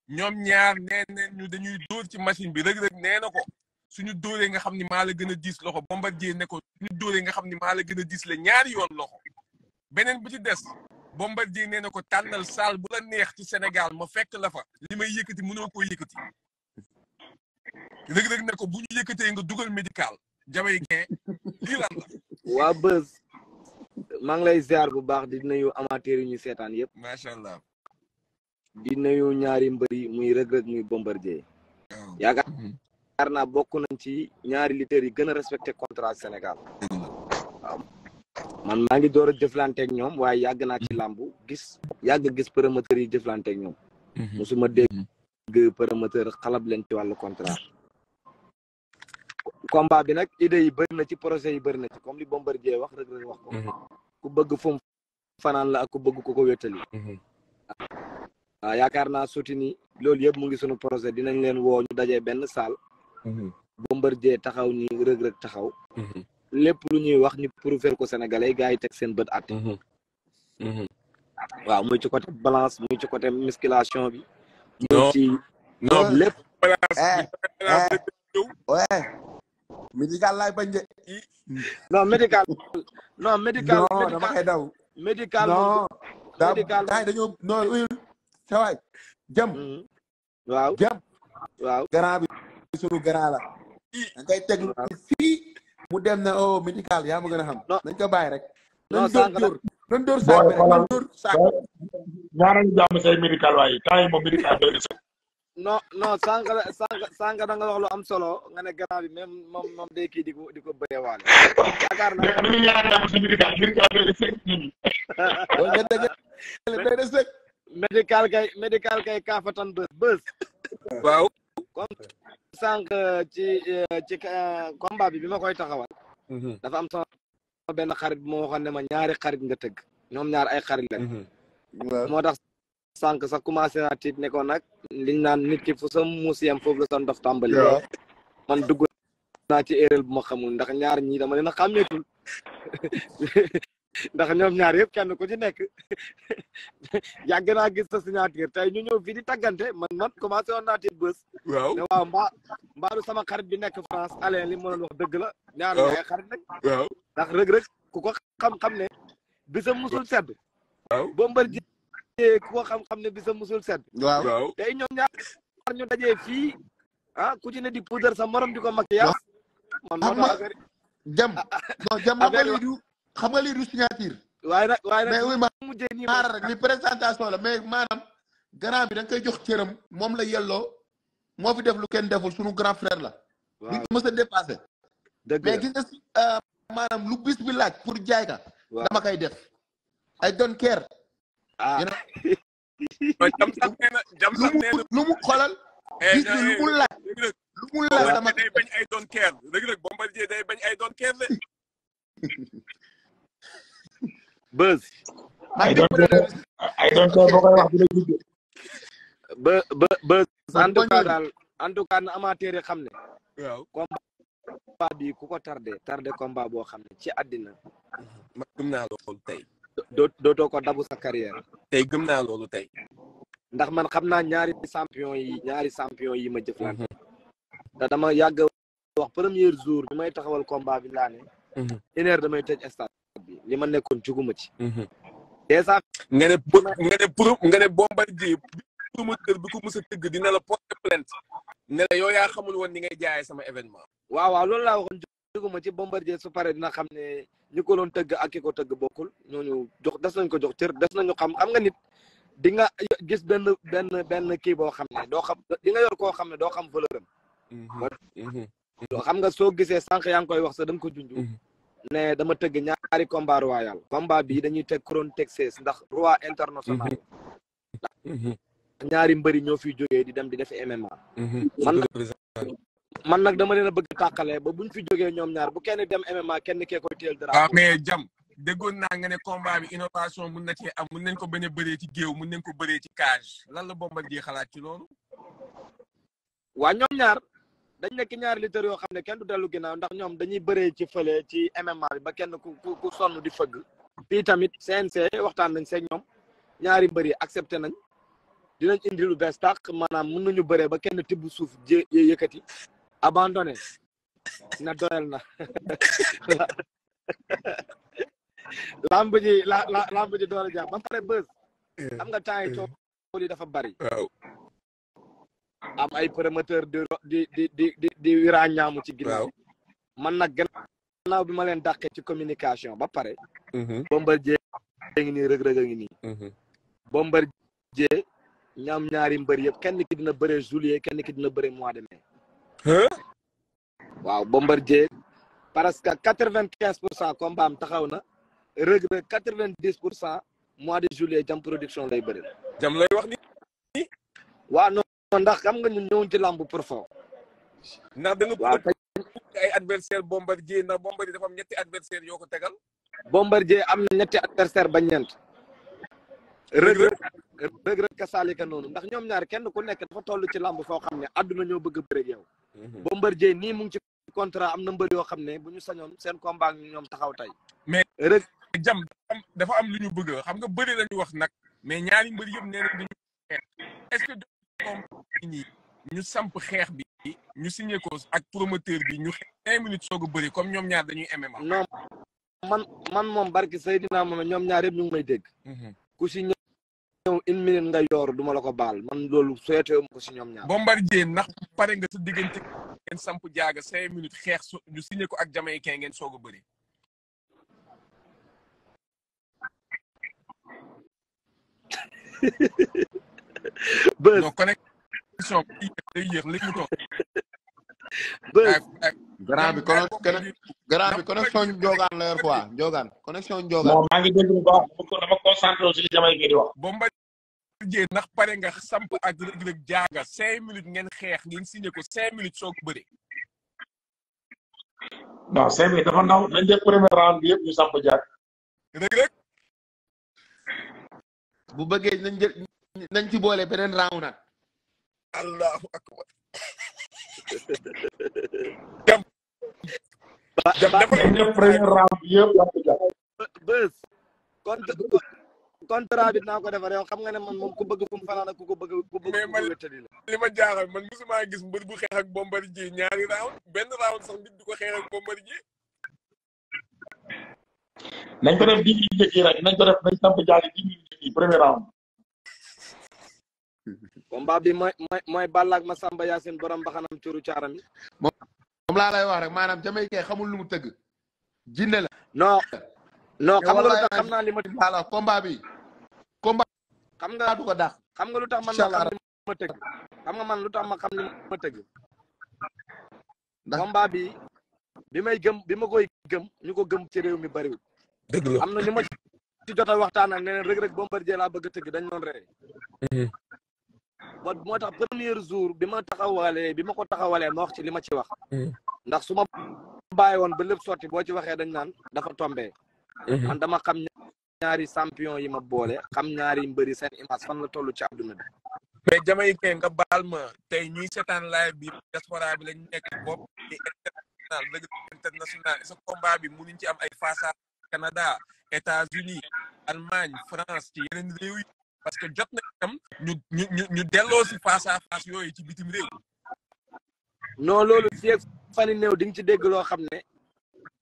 ñoom ñaar nee neen ñu dañuy dóor ci machine bi Reug Reug nee na ko suñu dóoree nga xam ni maa la gën a diis loxo Bombardier ne ko suñu dóoree nga xam ni maa la gën a diis la ñaari yoon loxo beneen bu ci des Bombardier nee na ko tànnal saal bu la neex ci senegal ma fekk la fa li may yëkkati mënoo koo yëkkati Reug Reug ne ko bu ñu yëkkatee nga dugal médical jamaïcain lii la waa Buzz maa ngi lay ziar bu baax di nuyu amateur yi ñu seetaan yëpp. macha allah. di nuyu ñaari mbër yi muy Reug Reug muy Bombardier. Oh. Mm-hmm. yaakaar naa bokk nañ ci ñaari lutteurs yi gën a respecté contrat Sénégal. Mm-hmm. waaw man maa ngi door a jëflanteeg ñoom waaye yàgg naa ci mm-hmm. làmb gis yàgg gis promoteurs yi jëflanteeg ñoom. musuma dégg promoteur xalab leen ci wàllu contrat. combat bi nag idée yi bëri na ci projet yi bëri na ci comme li Bombardier wax Reug wax ko mhm. ku bëgg fu fanaan la ak ku bëgg ku ko wéttali waaw mhm. ah, ah, yaakaar naa suti ni loolu yëpp mu ngi sunu projet dinañ leen woo daje benn salle mhm. Bombardier taxaw ni Reug taxaw lépp lu ñuy wax ñu prouver ko sénégalais gars yi teg seen bët at waaw muy ci côté balance muy ci côté musculation bi muy ci ouais médical laay bañ de. non médical. non médical non dama koy daw. médical non médical dañoo non uyul sa jëm. Mm-hmm. jëm. waaw grand bi sunu grand teg fii mu dem na o oh, médical yaa ma gën a xam. nañ ko bàyyi rek. non sànq la doon dóor sànq rek doon dóor sànq. say médical waaye temps moom médical doy na non non sànq sànq sànq nga wax lu am solo nga ne grand bi même moom moom day kii di ko di ko bëree médical kay médical kay kaafatan bës bës. waaw. comme sànq ci ci euh, combat bi bi ma koy taxawal. Mhm. dafa am sama benn xarit bu ma ma ñaari xarit nga tëgg ñoom ñaar ay xarit lañ. Mhm. moo tax. sànq sax commencé naa tiit ne ko nag liñ naan nit ki fu sa muus yem foofu la sa ndox tàmbali man dugg naa ci erreur bu ma xamul ndax ñaar ñii dama leen a xàmmeetul ndax ñoom ñaar yëpp kenn ku ci nekk yàgg naa gis sa signature tey ñu ñëw fii di tàggante man man commencé woon naa tiit bës waaw ne waaw mbaa mbaaru sama xarit bi nekk France Alain li mu doon wax la ñaar ay xarit nag waaw ndax rëg-rëg ku ko xam-xam ne bisa musul sedd waaw ku ko xam-xam ne bisa musul set waaw tey ñoom ñaar ñu dajee fii ah ku ci di puudar sa morom di ko maquillage man moo tax jam jam xam nga lii du xam nga lii du signature waaye nag waaye nag mais oui la mais maanaam grand bi da koy jox cëram moom lay yelloo moo fi def lu kenn deful sunu grand frère la waaw ñu mës dépassé mais gis nga euh, lu bis bi laaj pour jaay ka dama koy def I don't care ah yéen jam sax nee jam sax nee na lu mu xoolal. Eh, gis nga eh, eh, bañ ay doon keer rek rek Bombardier bañ ay doon keer de. buzz. ay doon keer ay doon keer boo koy wax xam ne. bi ku ko tardé tardé combat ci àddina. Mm-hmm. ma gëm naa tey. dootoo ko dabu sa carrière tey gëm naa loolu tey ndax man xam naa ñaari champion yi ñaari champion yi ma jëflante mhm. te dama yàgg wax premier jour bi may taxawal combat bi laa ne mhm. une heure damay tëj stade bi li ma nekkoon juguma ci mhm. dèjà nga ne nga ne pour nga ne Bombardier promoteur bi ko mës a tëgg dina la porter plainte ne la yow yaa xamul woon ni ngay jaay sama événement waaw waaw loolu laa waxoon duguma ci Bombardier su pare dina xam ne ñu ko doon tëgg ak ki ko tëgg bokkul ñooñu jox des nañ ko jox cër des nañu xam xam nga nit di nga gis benn benn benn kii boo xam ne doo xam di yor koo xam ne doo xam valeuram mm-hmm. mm-hmm. xam nga soo gisee sànq yaa ngi koy wax sax da ko junj mm-hmm. ne dama tëgg ñaari combat royal combat bii dañuy teg couronne Texas ndax roi international ñaari mbëri ñoo fi jógee di dem di def MMA man nag dama leen a bëgg tàqale ba buñ fi jógee ñoom ñaar bu kenn dem MMA kenn kee koy teel dara. waaw ah, mais jam déggoon naa nga ne combat bi innovation mu na cee am mun nañ ko bañ a ci géew mun nañ ko bëree ci cage lan la Bombardier xalaat ci loolu. waa ñoom ñaar dañ nekk ñaari lutteurs yoo xam ne kenn du dellu ginnaaw ndax ñoom dañuy bëree ci fële ci MMA ba kenn ku ku sonn di fëgg. fii tamit CNC waxtaan nañ seen ñoom ñaari mbër yi accepté nañ dinañ indi lu bees tàq maanaam mën nañu bëree ba kenn tibb suuf jé yëkkati abandonné na doyal na lamb ji la la lamb ji doole jàpp pare bës eh. xam nga temps yi eh. coow dafa bari am ay promoteur di di di di di di ñaamu ci ginnaaw man nag gannaaw bi ma leen dàqee ci communication ba pare mm-hmm. Bombardier ngi nii Reug Reug a ngi nii mm-hmm. Bombardier ñaam ñaari mbër yëpp kenn ki dina bëree juillet kenn ki dina bëree mois de mai waaw Bombardier parce que quatre vingt quinze pour cent combat am taxaw na Reug Reug quatre vingt dix pour cent mois de juillet jam production lay bëri. jam lay wax ni waaw non ndax xam nga ñun ñëwuñ ci làmb pour fond. ndax da nga ay adversaire Bombardier ndax Bombardier dafa am ñetti adversaire yoo ko tegal. Bombardier am na ñetti adversaire ba ñeent. Reug Reug kasaalika noonu ndax ñoom ñaar kenn ku a bëre ak yow. Mhm. Bombardier nii mu ngi ci contrat am na mbër yoo xam ne bu ñu sañoon seen combat ak ñoom taxaw tey. mais Reug jam dafa am lu ñu bëgg xam nga bëri lañu wax nag mais ñaari mbër yëpp nee nañ dañu est ñi ñu samp xeex bi ñu signé ko ak promoteur bi ñu cinq minutes soog comme ñoom ñaar dañuy MMA. non man man moom barki Seydina moom ñoom ñaar yëpp ñu ngi may dégg. Mhm. ku si ñëw une minute nga yor duma la ko baal man loolu souhaité ma ko si ñoom ñaar. Bombardier ndax pare nga sa diggante ngeen samp jaaga cinq minutes xeex su ñu signé ko ak Jamaïcain ngeen soog a bëri. bës non connexion bi day yéex léegi mu toog. bës bi Dieng ndax pare nga samp ak Reug jaaga cinq minutes ngeen xeex ngeen signé ko cinq minutes soog bëri. non cinq minutes dafa ndaw nañ premier round bi yëpp jaag. Reug Reug. bu bëggee nañ nañ ci boole beneen round nag. allahu akbar. dem. contrat bi dinaa ko defar yow xam nga ne man moom ku bëgg fu mu fanaan ak ku ko bëgg ku bëgg ku ko wéttali la li ma jaaxal man musuma gis mbër bu xeex ak Bombardier ñaari round benn round sax nit du ko xeex ak Bombardier nañ ko def dix minutes njëkk yi rek nañ ko def nañ samp jaari dix minutes njëkk yi premier round combat bi mooy mooy mooy Balla ak Massamba Yacine borom baxanam curu caaram yi moom laa lay wax rek maanaam jamay kay xamul lu mu tëgg jinne la non non xam nga lu tax xam naa li ma. voilà combat bi. combat xam nga xam nga lu tax man ma xam li ma tëgg. xam nga man lu tax ma xam li ma tëgg. ndax bi bi may gëm bi ma koy gëm ñu ko gëm ci réew mi bariwul. dëgg la am na ñu ma ci jot a waxtaan a neneen rek rek Bombardier laa bëgg a tëgg dañ doon ree. Mhm. ba moo tax premier jour bi ma taxawalee bi ma ko taxawalee ma wax ci li ma ci wax. Mhm. ndax su ma bàyyi woon ba lépp sotti boo ci waxee dañ naan dafa tombé. Mhm. man dama xam ñaari champion yi ma boole xam ñaari mbëri seen image fan la toll ci àdduna bi mais jamaïcain nga baal ma tey ñi seetaan live bi diaspora bi lañ nekk bopp di international lëg international sa combat bi mënuñ ci am ay face à Canada États-Unis Allemagne France ci yeneen réew yi parce que jot na itam ñu ñu delloo si face à yooyu ci bitim réew non loolu fii ak fan yu néew di ci dégg loo xam ne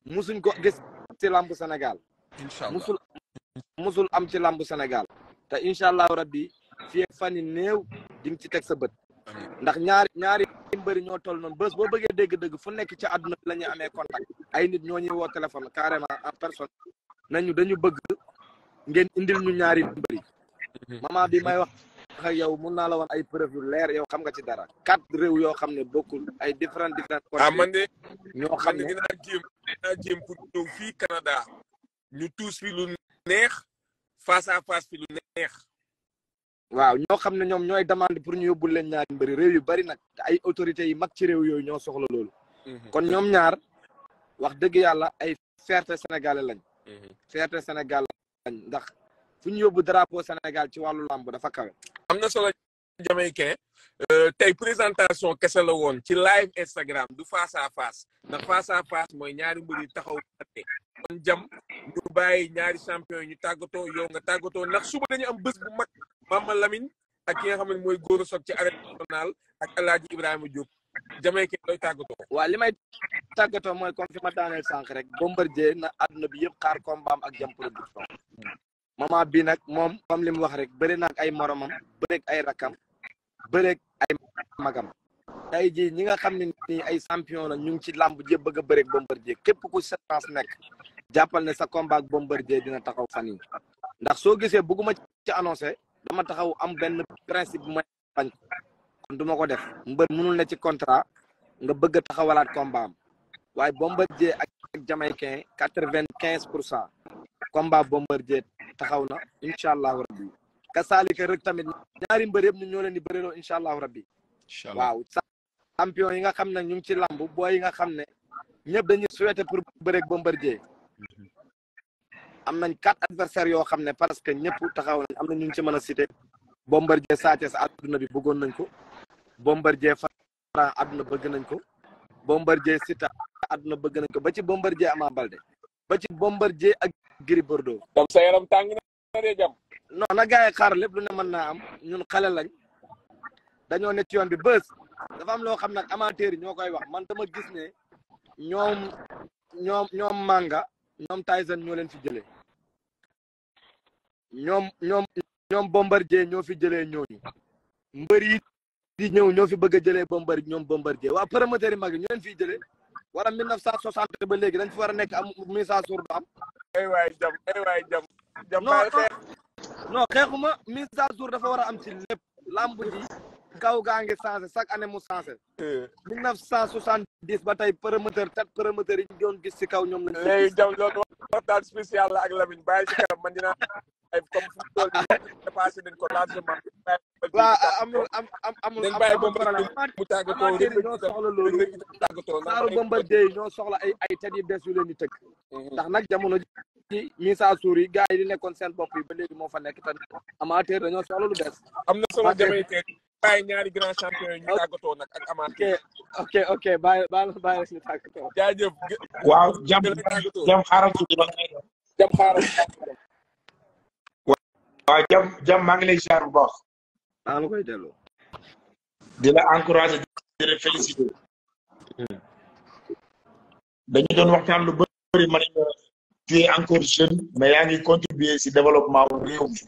musuñ ko gis ci làmb senegal incha allah musul am ci làmb senegal te incha allah rabbi fii ak fan yi néew di nga ci teg sa bët. ndax ñaari ñaari mbëri ñoo toll noonu bés boo bëggee dégg dëgg fu nekk ci àdduna bi la ñuy amee contact ay nit ñoo ñuy woo téléphone carrément en personne nañu dañu bëgg ngeen indil ñu ñaari mbëri. maman bi may wax ak yow mun naa la woon ay preuve yu leer yow xam nga ci dara quatre réew yoo xam ne bokkul ay différent différent. ah man de ñoo xam ne dinaa jéem fii Canada. ñu tuus fi lu neex face à face fi lu neex. waaw ñoo xam ne ñoom ñooy demande pour ñu yóbbul leen ñaari mbëri réew yu bari nag ay autorités yi mag ci réew yooyu ñoo soxla loolu. Mhm. kon ñoom ñaar wax dëgg yàlla ay fierté sénégalais lañ. Mhm. fierté sénégalais lañ ndax fu ñu yóbbu drapeau Sénégal ci wàllu làmb dafa kawe. am na jamaïcain euh, tey présentation kese la woon ci live Instagram du face à face ndax face mooy ñaari mbir yu taxaw ate kon jam ñu bàyyi ñaari champion ñu tàggatoo yow nga tàggatoo ndax suba dañu am bés bu mag Mama Lamine ak ki nga xam ne mooy góor a soog ci arène nationale ak El Hadji Ibrahima Diop jamaïcain looy tàggatoo waa li may tàggatoo mooy comme fi ma daaneel sànq rek Bombardier na àdduna bi yëpp xaar combat am ak jam production moment bi nag moom comme li mu wax rek bëri naag ay moromam bëreeg ay rakam bëreeg ay magam tey jii ñi nga xam ne nii ay champion la ñu ngi ci làmb ji bëgg a bëreeg Bombardier képp ku sa chance nekk jàppal ne sa combat ak Bombardier dina taxaw fan yi ndax soo gisee bëgguma ci annoncé dama taxaw am benn principe bu may bañ kon du ko def mbër mënul ne ci contrat nga bëgg a taxawalaat combat am waaye Bombardier ak Jamaïcain quatre vingt quinze pour cent combat Bombardier taxaw na incha allahu rabbi kasaalika rek tamit ñaari mbër yëpp ñun ñoo leen di bëreloo incha allahu rabbi waaw champion yi nga xam ne ñu ngi ci lamb bo yi nga xam ne ñëpp dañuy souhaité pour bëreeg Bombardier mm-hmm. am nañ quatre adversaires yoo xam ne parce que ñëpp taxaw nañ am na ñu ngi ci mën a cité saate Sa Thiès àdduna bi bëggoon nañ ko Bombardier Franc àdduna bëgg nañ ko Bombardier Siteu àdduna bëgg nañ ko ba ci Bombardier Ama Baldé ba ci Bombardier ak Gris Bordeaux. donc sa yaram tàng na de xaar lépp lu ne mën naa am ñun xale lañ dañoo ne ci yoon bi bés dafa am loo xam nag amateurs yi ñoo koy wax man dama gis ne ñoom ñoom ñoom Manga ñoom Tyson ñoo leen fi jëlee ñoom ñoom ñoom Bombardier ñoo fi jëlee ñooñu mbër yi di ñëw ñoo fi bëgg a jëlee Bombardier ñoom a waa promoteurs yi mag yi ñoo leen jëlee. wala mille neuf cent soixante ba léegi dañ fi war a nekk am mise à jour du am. ay waay jam ay waay jam. jam non non xeexuma mise à jour dafa war a am ci lépp lamb ji. kaw gaa ngi changé chaque année mu changé. mille neuf cent soixante dix ba tey promoteur tat promoteur yi ñu doon gis si kaw ñoom lañ. léegi jam loolu waxtaan spécial la ak Lamine bàyyi mu toll nii dépassé nañ ko largement. waaw ñoo soxla loolu saaru Bombardier ñoo soxla ay ay tat yi bees yu leen tëgg. Mhm. ndax nag jamono ci mise à jour yi gars yi nekkoon seen bopp yi ba léegi moo fa nekk te amateur dañoo soxla lu bees. bàyyi ñaari grand champion yi ñu nag ak amaat. ok ok bàyyi waaw jàmm jàmm xaaral tuuti waaw jàmm jàmm maa ngi lay ziar bu baax. maa ngi koy delloo. di dañu doon waxtaan lu bëri ma ne la jeune mais yaa ngi contribuer si développement wu réew mi.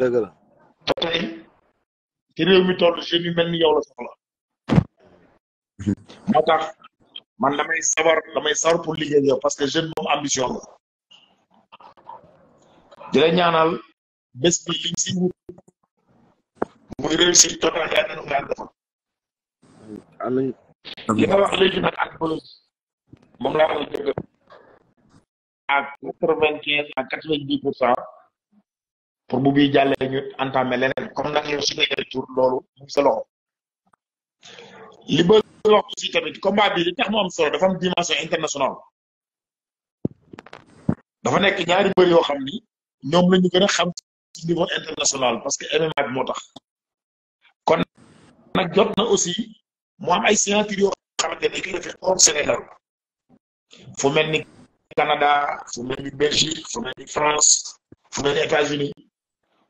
dëgg te réew mi toll jeunes yu mel ni yow la soxla moo tax man damay sawar damay sawar pour liggéey yow parce que jeune moom ambition la la ñaanal bés bi si wut muy réussir total yaa nanu à quatre vingt quinze à quatre vingt dix pour cent pour bu bii jàllee ñu entamé leneen comme nag mu ngi sa loxo li ba wax aussi tamit combat bi li tax mu solo dafa am dimension internationale dafa nekk ñaari yoo xam ni ñoom la ñu gën a xam niveau international parce que MMA moo tax kon nag jot na aussi mu am ay signature yoo xamante ne ki Sénégal fu mel ni Canada fu mel ni Belgique fu mel ni France fu mel ni États-Unis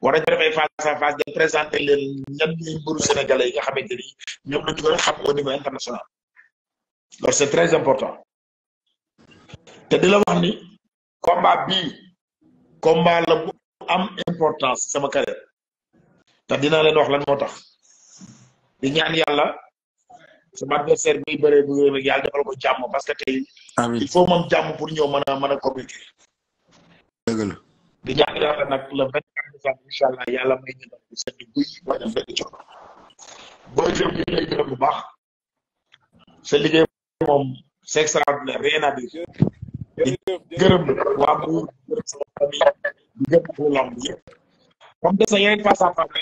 war a def ay face à face de présenter leen ñan ñuy mbëru sénégalais yi nga xamante ni ñoom la ñu gën a xam au niveau international loolu c'est très important te di la wax ni combat bii combat la bu am importance sama carrière te dinaa leen wax lan moo tax di ñaan yàlla sama adversaire bi bëree bu rek yàlla defal ko jàmm parce que tey il faut moom jàmm pour ñëw mën a mën a communiquer fan incha allah yàlla may ñu doon sedd guy bañ a fekk coono booy jëm ñu gërëm bu baax sa liggéey moom c'est extraordinaire rien à dire gërëm waa Mbour di gërëm sama comme des na yeneen face à face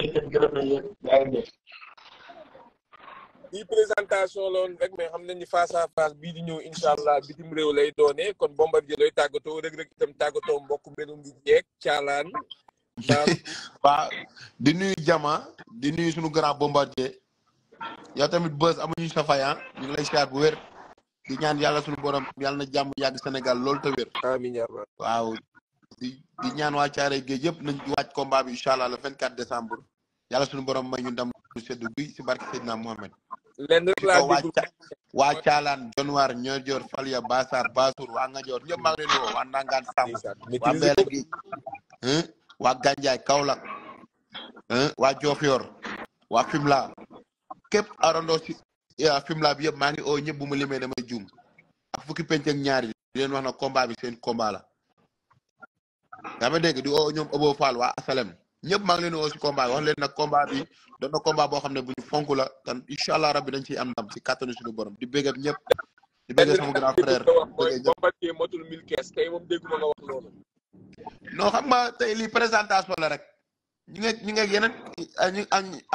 il faut lii présentation la woon rek mais xam nañu face à face bii di ñëw incha allah bitim réew lay doonee kon Bombardier lay tàggatoo Reug Reug itam tàggatoo mbokk mbelum bi jeeg caalaan. waaw di nuyu jama di nuyu sunu grand Bombardier yow tamit bës amuñu sa fay ah. ñu ngi lay siyaar bu wér di ñaan yàlla suñu borom yàlla na jàmm yàgg Sénégal loolu te wér. waaw di ñaan waa Caaray Géej yëpp nañ waaj combat bi incha allah le vingt quatre décembre yàlla suñu borom may ñu ndam bu si barke Seydina Mohamed lenn rek waa caalaan jonwaar ñojoor falya basaar basuur waa ngajoor ñëpp maa ngi leen woo waa nangaan sàmm waa beela gi waa gànjaay kaolack waa joofiyoor waa fimla képp arandoo si fimla bi yëpp maa ngi oo ñëpp ma juum ak fukki penc ñaari leen wax na bi seen combat la yaa di oo ñoom ëboo faal waa asalem ñëpp maa leen woo si combat wax leen nag combat bi doon na combat boo xam ne bu ñu fonk la tan incha allah rabbi dañ ciy am ndam si kàttanu suñu borom di bégg ñëpp di bégg sama grand frère Bombardier motul mille kees tey moom dégguma nga wax loolu non xam nga tey lii présentation la rek ñi ngi ñu ngi yeneen ñu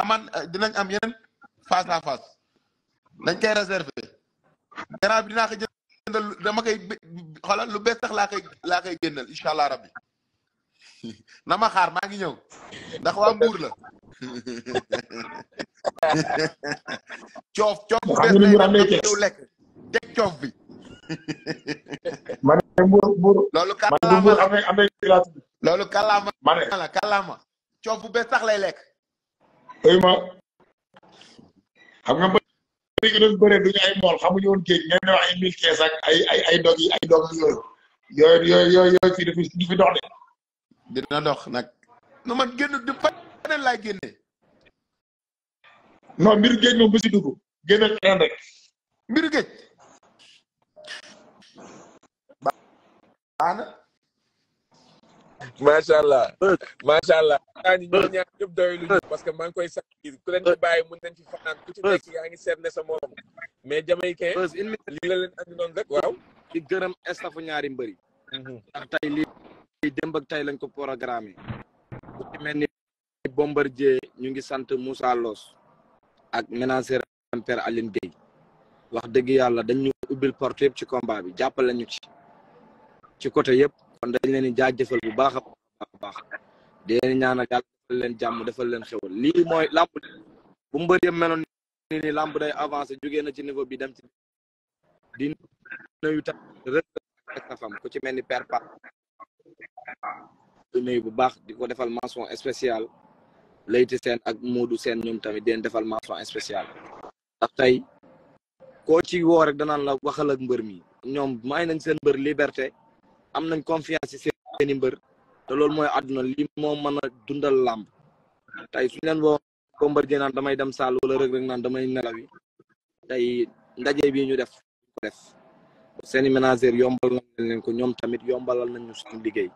amaan dinañ am yeneen face à face dañ kay réserver gannaaw bi dinaa ko jëndal dama koy xoolal lu bees tax laa koy laa koy génnal incha allah rabbi na ma xaar maa ngi ñëw ndax waa mbuur la coof coof bu bees lay doon ñëw lekk teg coof bi. ma ne Mbour loolu kàllaama la loolu kàllaama coof bu bees sax lay lekk. tey ma xam nga mbëri yi ne wax ay mille quinze ay ay ay dog yooyu yooyu yooyu yooyu fii dox de. dina dox nag. nu man génn di faj. leneen laay génnee. non mbiru géej moom bu si dugg génneel leneen rek. mbiru géej. baax na. macha allah macha allah. ñi ñoo ñaar ñëpp doylu ñu que maa ngi koy sax ku leen ci bàyyi mun nañ ci fanaan ngi seetle sa morom mais jamaïcain lii la leen andi rek waaw di estafu ñaari mbëri mhm. ndax tey lii démb lañ ko Bombardier ñu ngi sant Moussa loos ak ménager père Aline Gueye wax dëgg yàlla dañ ñu ubbil porte yëpp ci combat bi jàppale ñu ci ci côté yëpp kon dañ leen di jaajëfal bu baax a baax di leen ñaanal leen jàmm defal leen xewal lii mooy làmb bu mbër yëpp meloon ni ni làmb day avancé jógee na ci niveau bi dem ci di nuyu tam rëfam ku ci mel ni père pa nuyu bu baax di ko defal mention spéciale Leyti seen ak Modou seen ñoom tamit den defal mention spéciale ndax tey koo ci woo rek danaan la waxal mbër mi ñoom may nañ seen mbër liberte am nañ confiance seeni mbër te loolu mooy àdduna li moo mën a dundal làmb tey suñ leen woo ko mbër ji naan damay dem saal wala rëg rek naan damay nelawi tey ndaje bi ñu def seeni ménagère yombal nañ leen ko ñoom tamit yombalal nañ ñu suñu liggéey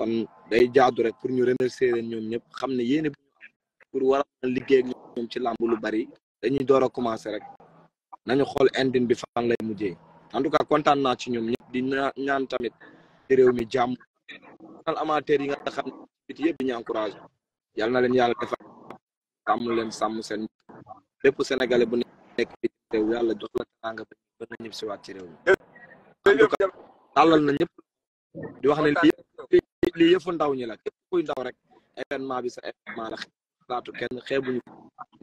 kon day jaadu rek pour ñu remercier leen ñoom ñëpp xam ne yéen pour war liggéey ak ñoom ci làmb lu bari dañuy door a commencé rek nañu xool indine bi fan lay mujjee en tout cas kontaan naa ci ñoom ñëpp di ñaan tamit ci réew mi jàmm al amateur yi nga xam ne biti yëpp ñu encouragé yal na leen yàlla defal sàmm leen sàmm seen bépp sénégalais bu nekk bi réew yàlla jox la tànga ba ba na si waat ci réew mi lii yëfu ndaw ñi la képp ndaw rek événement bi sa événement la xalaatu kenn xeebuñu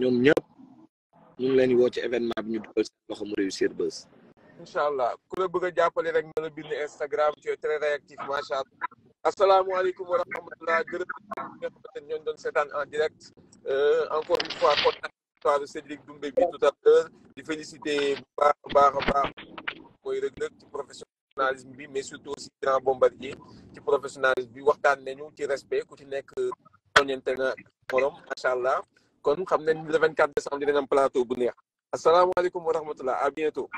ñoom ñëpp ñu ngi leen di woo ci événement bi ñu dugal seen loxo allah ku la bëgg jàppale rek na la bind Instagram tu es très réactif macha allah. asalaamaaleykum wa rahmatulah gërëm ñoo xamante ñoo doon seetaan en direct euh, encore une fois kontaan histoire de Cédric Doumbé bi tout à di féliciter bu baax a baax mooy Reug ci profession professionnalisme bi mais surtout aussi grand bombardier ci professionnalisme bi waxtaan nañu ci respect ku ci nekk soñente na morom allah kon xam nañ le 24 décembre dinañ am plateau bu neex asalaamaaleykum wa rahmatullah à bientôt